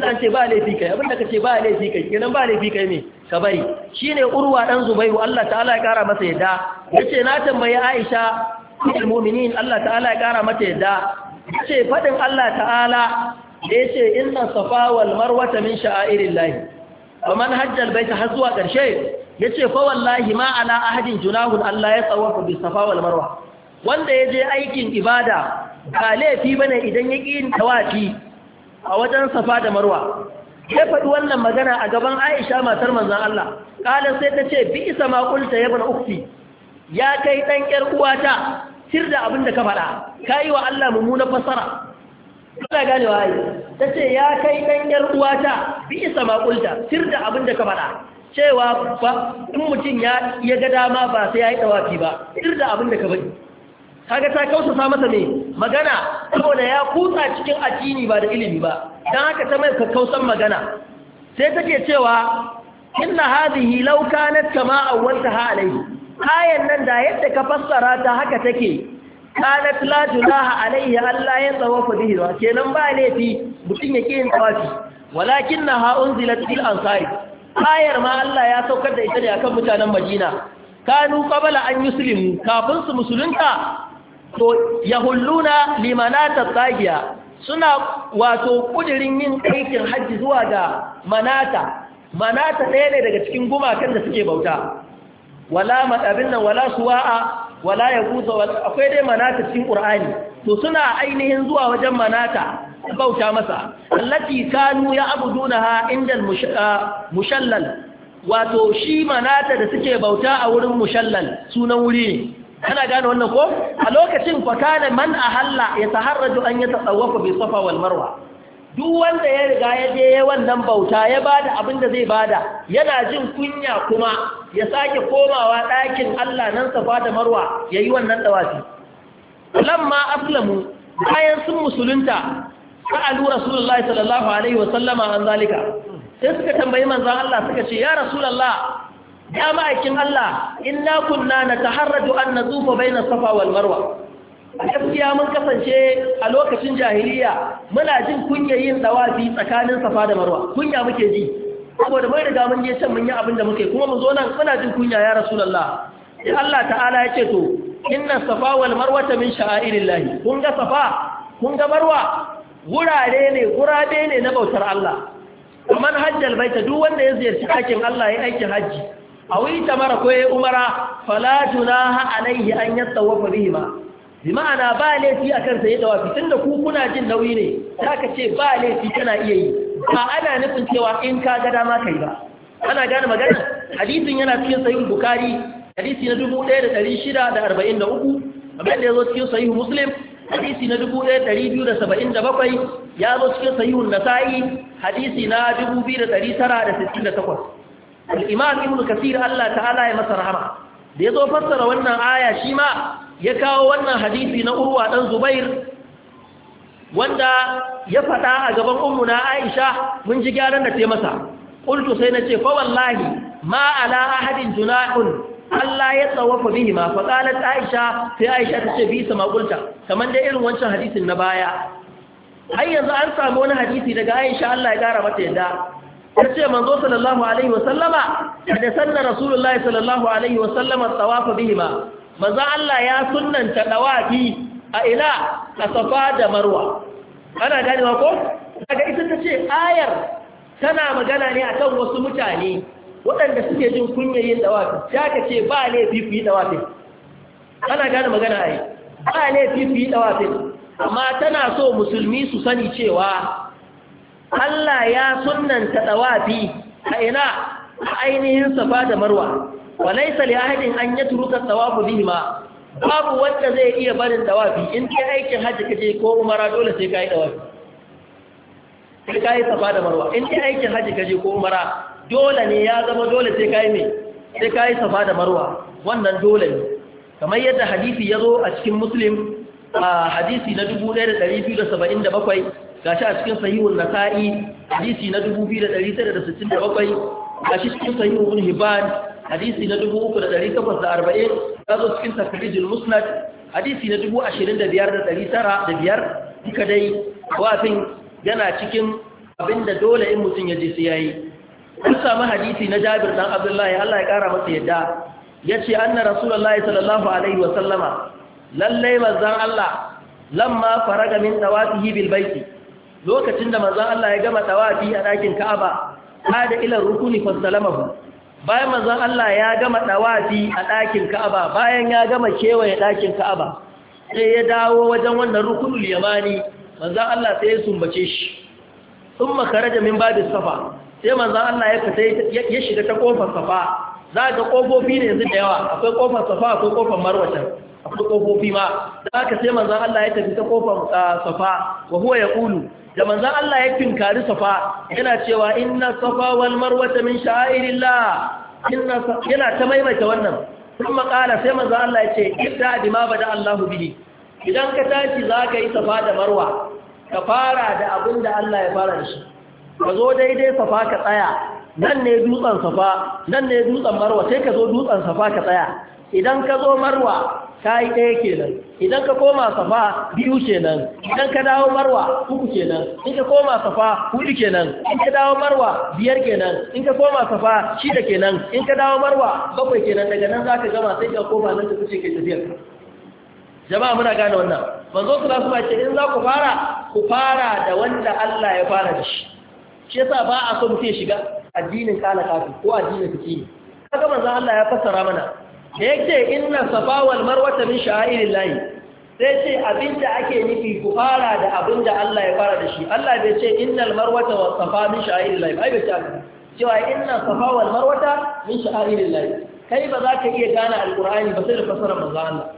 an ce ba laifi kai abin da ka ce ba laifi kai kenan ba laifi kai ne ka bari shi ne urwa ɗan zubairu Allah ta'ala ya ƙara masa yadda ya ce na tambayi aisha ilmominin Allah ta'ala ya ƙara masa yadda ya ce faɗin Allah ta'ala da ya ce inna safa wal marwata min sha'airin lahi ba man hajjal bai ta zuwa ƙarshe ya ce fa wallahi ma ala ahadin junahun Allah ya tsawafa bi safa wal marwa wanda ya je aikin ibada ba laifi bane idan ya yin tawafi a wajen safa da marwa ya faɗi wannan magana a gaban aisha matar manzan Allah ƙalar sai ta ce bi isa makulta ya bana ukti ya kai ɗan ƴar uwata cir da abin da ka faɗa ka yi wa Allah mummunan fassara kuna gane wa yi ta ce ya kai ɗan ƴar uwata bi isa makulta cir da abin da ka faɗa cewa ba in mutum ya ya ga dama ba sai ya yi ɗawafi ba cir da abin da ka faɗi kaga ta kausa sa masa me magana saboda ya kutsa cikin addini ba da ilimi ba don haka ta mai kakkausan magana sai take cewa inna hadhihi law kanat kama ha alayhi ayan nan da yadda ka fassara ta haka take kanat la julaha alayhi ya yatawafa bihi wa kenan ba laifi mutun yake yin tawafi ha unzilat fil ansari ayar ma Allah ya saukar da ita ne akan mutanen Madina kanu qabala an yuslimu kafin su musulunta to yahulluna limanata tsagiya suna wato kudirin yin aikin hajji zuwa ga manata manata ɗaya ne daga cikin gumakan da suke bauta wala matsabin nan wala suwa'a wala ya kusa akwai dai manata cikin ƙur'ani to suna ainihin zuwa wajen manata bauta masa allati kanu ya abudunaha indal mushallal wato shi manata da suke bauta a wurin mushallal sunan wuri ne ana gane wannan ko a lokacin fakana man ahalla ya taharraju an ya tsawafa bi safa wal marwa duk wanda ya riga ya je wannan bauta ya bada abin da zai bada yana jin kunya kuma ya sake komawa ɗakin Allah nan safa da marwa yayi wannan dawafi lamma aslamu bayan sun musulunta sa'alu rasulullahi sallallahu alaihi wa sallama an zalika sai suka tambayi manzon Allah suka ce ya rasulullah ya ma'aikin Allah inna kunna nataharraju an nazufa baina safa wal marwa a gaskiya mun kasance a lokacin jahiliya muna jin kunya yin dawafi tsakanin safa da marwa kunya muke ji saboda bai riga mun can mun yi abin da muke kuma mun zo nan muna jin kunya ya rasulullah sai Allah ta'ala ya ce to inna safa wal marwa min sha'airillahi kun ga safa kun ga marwa wurare ne gurabe ne na bautar Allah Kamar hajjal baita duk wanda ya ziyarci hakin Allah ya aikin hajji ta mara ko yayi umara fala junaha alayhi an yatawafa bihima bi ma'ana ba laifi akan sai tawafi tunda ku kuna jin nauyi ne zaka ce ba laifi kana iya yi ba ana nufin cewa in ka ga dama kai ba ana gane magana hadisin yana cikin sahih bukhari hadisi na 1643 kamar da yazo cikin sahih muslim hadisi na 1277 ya zo cikin sahihun nasa'i hadisi na 2968 al'imam ibn kasir Allah ta'ala ya masa rahama da ya zo fassara wannan aya shi ma ya kawo wannan hadisi na urwa ɗan zubair wanda ya faɗa a gaban na aisha mun ji gyaran da ta masa ƙultu sai na ce fa wallahi ma ala ahadin junahun Allah ya tsawafa bihi ma fa aisha sai aisha ta ce bisa sama kamar da irin wancan hadisin na baya har yanzu an samu wani hadisi daga aisha Allah ya gara mata yadda ta ce manzo sallallahu alaihi wasallama da sanna rasulullahi sallallahu alaihi wasallama bihi bihima manzo Allah ya sunnanta dawafi a ila a safa da marwa ana ganewa ko daga ita ta ce ayar tana magana ne akan wasu mutane waɗanda suke jin kunyar yin dawafi ya ka ce ba ne fi yi dawafi ana gane magana ai ba ne fi yi dawafi amma tana so musulmi su sani cewa Allah ya sunanta dawafi a ina a ainihin safa da marwa walaysa li ahadin an yatruka tawafu bihima babu wanda zai iya barin dawafi in kai aikin hajji kaje ko umara dole sai kai dawafi sai kai safa da marwa in kai aikin hajji kaje ko umara dole ne ya zama dole sai kai me sai kai safa da marwa wannan dole ne kamar yadda hadisi ya zo a cikin muslim a hadisi na 1277 gashi a cikin sahihun nasa'i hadisi na 2967 gashi cikin sahihun hibban hadisi na 3840 gazo cikin takrijul musnad hadisi na 25905 duka dai wafin yana cikin abinda dole in mutum ya ji su yayi kun samu hadisi na Jabir dan Abdullahi Allah ya kara masa yadda ya ce, anna rasulullahi sallallahu alaihi wa sallama lallai manzon Allah lamma faraga min tawafihi bil baiti lokacin da manzan Allah ya gama tawafi a ɗakin Ka'aba da ilar rukuni fasalamahu bayan manzan Allah ya gama tawafi a ɗakin Ka'aba bayan ya gama kewaye ɗakin Ka'aba sai ya dawo wajen wannan rukunul yamani manzan Allah sai ya sumbace shi thumma kharaja min babis safa sai manzan Allah ya fita ya shiga ta kofar safa za ga kofofi ne yanzu da yawa akwai kofar safa akwai kofar marwatar. akwai kofofi ma da aka sai manzan Allah ya tafi ta kofar safa wa huwa ya ƙulu da manzan Allah ya tinkari safa yana cewa inna safa wal marwata min sha'irillah yana ta maimaita wannan sun makala sai manzan Allah ya ce idda bima bada Allahu bihi idan ka tashi za ka yi safa da marwa ka fara da abin da Allah ya fara da shi ka zo daidai safa ka tsaya nan ne dutsen safa nan ne dutsen marwa sai ka zo dutsen safa ka tsaya idan ka zo marwa ta yi ɗaya kenan idan ka koma safa biyu kenan idan ka dawo marwa uku kenan in ka koma safa hudu kenan in ka dawo marwa biyar kenan in ka koma safa shida kenan in ka dawo marwa bakwai kenan daga nan za ka gama sai ka koma nan ka kuce ke tafiyar jama'a muna gane wannan manzo su lasu ce in za ku fara ku fara da wanda Allah ya fara da shi shi yasa ba a so mutum ya shiga addinin kala kafin ko addinin fiki kaga manzo Allah ya fassara mana da yake inna safa safawar marwata min sha'airillahi sai ce abinda ake nufi ku fara da abinda Allah ya fara da shi Allah bai ce innal marwata was safa min sha'airillahi ai bai ce cewa inna safawar wal marwata min sha'airillahi kai ba za ka iya gane alqur'ani ba sai da fasara manzo Allah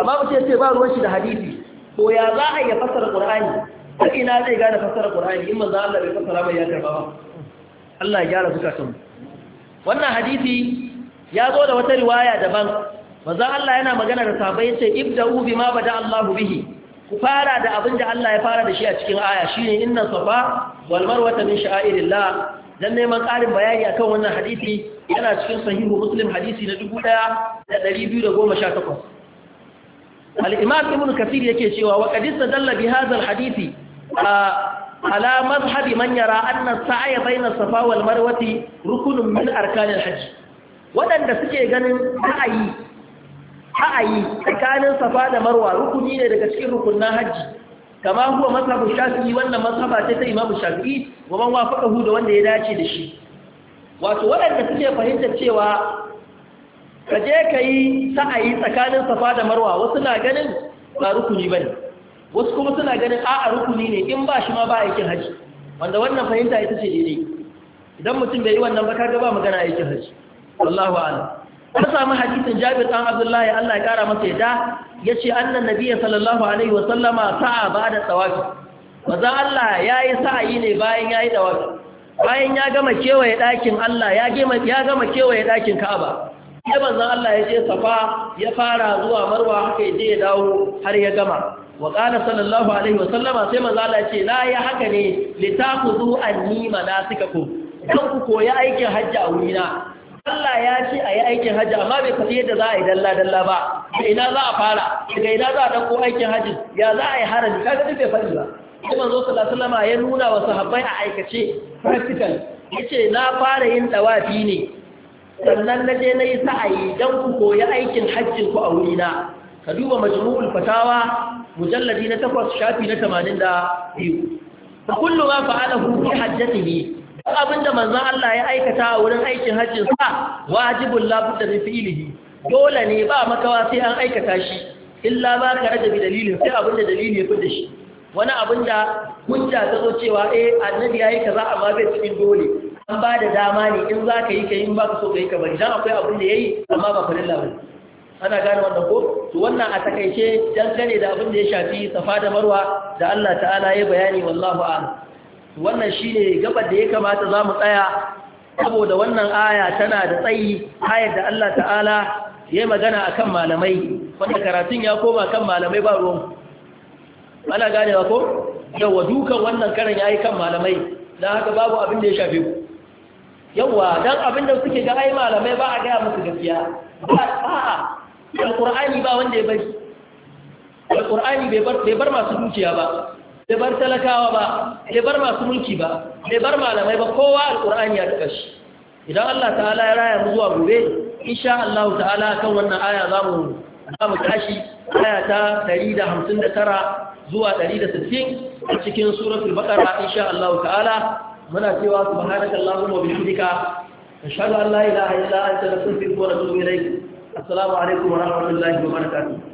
amma mutum ce sai ba ruwan shi da hadisi Ko ya za a iya fasara qur'ani ko ina zai gane fasara qur'ani in manzo Allah bai fasara ba ya karba ba Allah ya gyara zukatun wannan hadisi ya zo da wata riwaya daban manzo Allah yana magana da sahabbai ubi ibda'u bima bada Allahu bihi ku fara da abin da Allah ya fara da shi a cikin aya shine inna safa wal marwa min sha'airillah dan neman karin bayani akan wannan hadisi yana cikin sahihu muslim hadisi na 1218 al-imam ibn kathir yake cewa wa qad istadalla bi hadha al-hadisi ala madhhab man yara anna as-sa'ya bayna as-safa wal marwa rukunun min waɗanda suke ganin ra'ayi ra'ayi tsakanin safa da marwa rukuni ne daga cikin rukunna hajji kama huwa mazhabu shafi'i wannan mazhaba ce ta imamu shafi'i wa man wafaqahu da wanda ya dace da shi wato waɗanda suke fahimtar cewa ka je ka sa'ayi tsakanin safa da marwa wasu na ganin ba rukuni bane wasu kuma suna ganin a'a rukuni ne in ba shi ma ba aikin hajji wanda wannan fahimta ita ce dai-dai. idan mutum bai yi wannan ba ka ba magana aikin hajji wallahu a'lam an samu hadisin Jabir dan Abdullah ya Allah ya kara masa yadda yace annan nabiyyi sallallahu alaihi wa sallama sa'a da tawafi maza Allah ya yi sa'i ne bayan ya yi tawafi bayan ya gama kewaye ɗakin Allah ya gama kewaye ɗakin Ka'aba ya manzon Allah ya ce Safa ya fara zuwa Marwa haka ya je ya dawo har ya gama wa qala sallallahu alaihi wa sallama sai Maza Allah ya ce na ya haka ne litakhudhu suka manasikakum dan ku koyi aikin hajji a wurina Allah ya ce a yi aikin hajji amma bai faɗi yadda za a yi dalla-dalla ba da ina za a fara daga ina za a ɗauko aikin hajji ya za a yi harami ka ga bai faɗi ba sai manzo sallallahu alaihi ya nuna wa sahabbai a aikace practical ce na fara yin tawafi ne sannan na je na yi sa'ayi don ku koyi aikin hajjin ku a wurina ka duba majmu'ul fatawa mujalladi na takwas shafi na 82 fa kullu ma fa'alahu fi hajjatihi duk da manzon Allah ya aikata a wurin aikin hajjin sa wajibul la budda min dole ne ba makawa sai an aikata shi illa ba ka rada dalilin sai da dalili ya fidda shi wani abinda hujja ta zo cewa eh annabi yayi kaza amma bai cikin dole an ba da dama ne in za ka yi ka yi in ba ka so ka yi ka bari dan akwai abin da yayi amma ba farilla bane ana gane wannan ko to wannan a takaice dangane da abin da ya shafi safa da marwa da Allah ta'ala ya bayani wallahu a'lam wannan shi ne gabar da ya kamata za mu tsaya saboda wannan aya tana da tsayi ayar da Allah ta'ala ya yi magana a kan malamai wanda karatun ya koma kan malamai ba ruwan ana ganewa ko yawa dukan wannan karin ya yi kan malamai dan haka babu abin da ya shafe ku yawa don abin da suke ga ai malamai ba a gaya musu gaskiya ba a alqur'ani ba wanda ya bari bai bar masu dukiya ba bai bar talakawa ba bai bar masu mulki ba bai bar malamai ba kowa alkur'ani ya duka shi idan Allah ta'ala ya raya mu zuwa gobe insha Allah ta'ala kan wannan aya za mu za mu tashi aya ta 159 zuwa 160 a cikin suratul baqara insha Allah ta'ala muna cewa subhanaka allahumma wa bihamdika ashhadu an la ilaha illa anta astaghfiruka wa atubu ilaik assalamu alaikum wa rahmatullahi wa barakatuh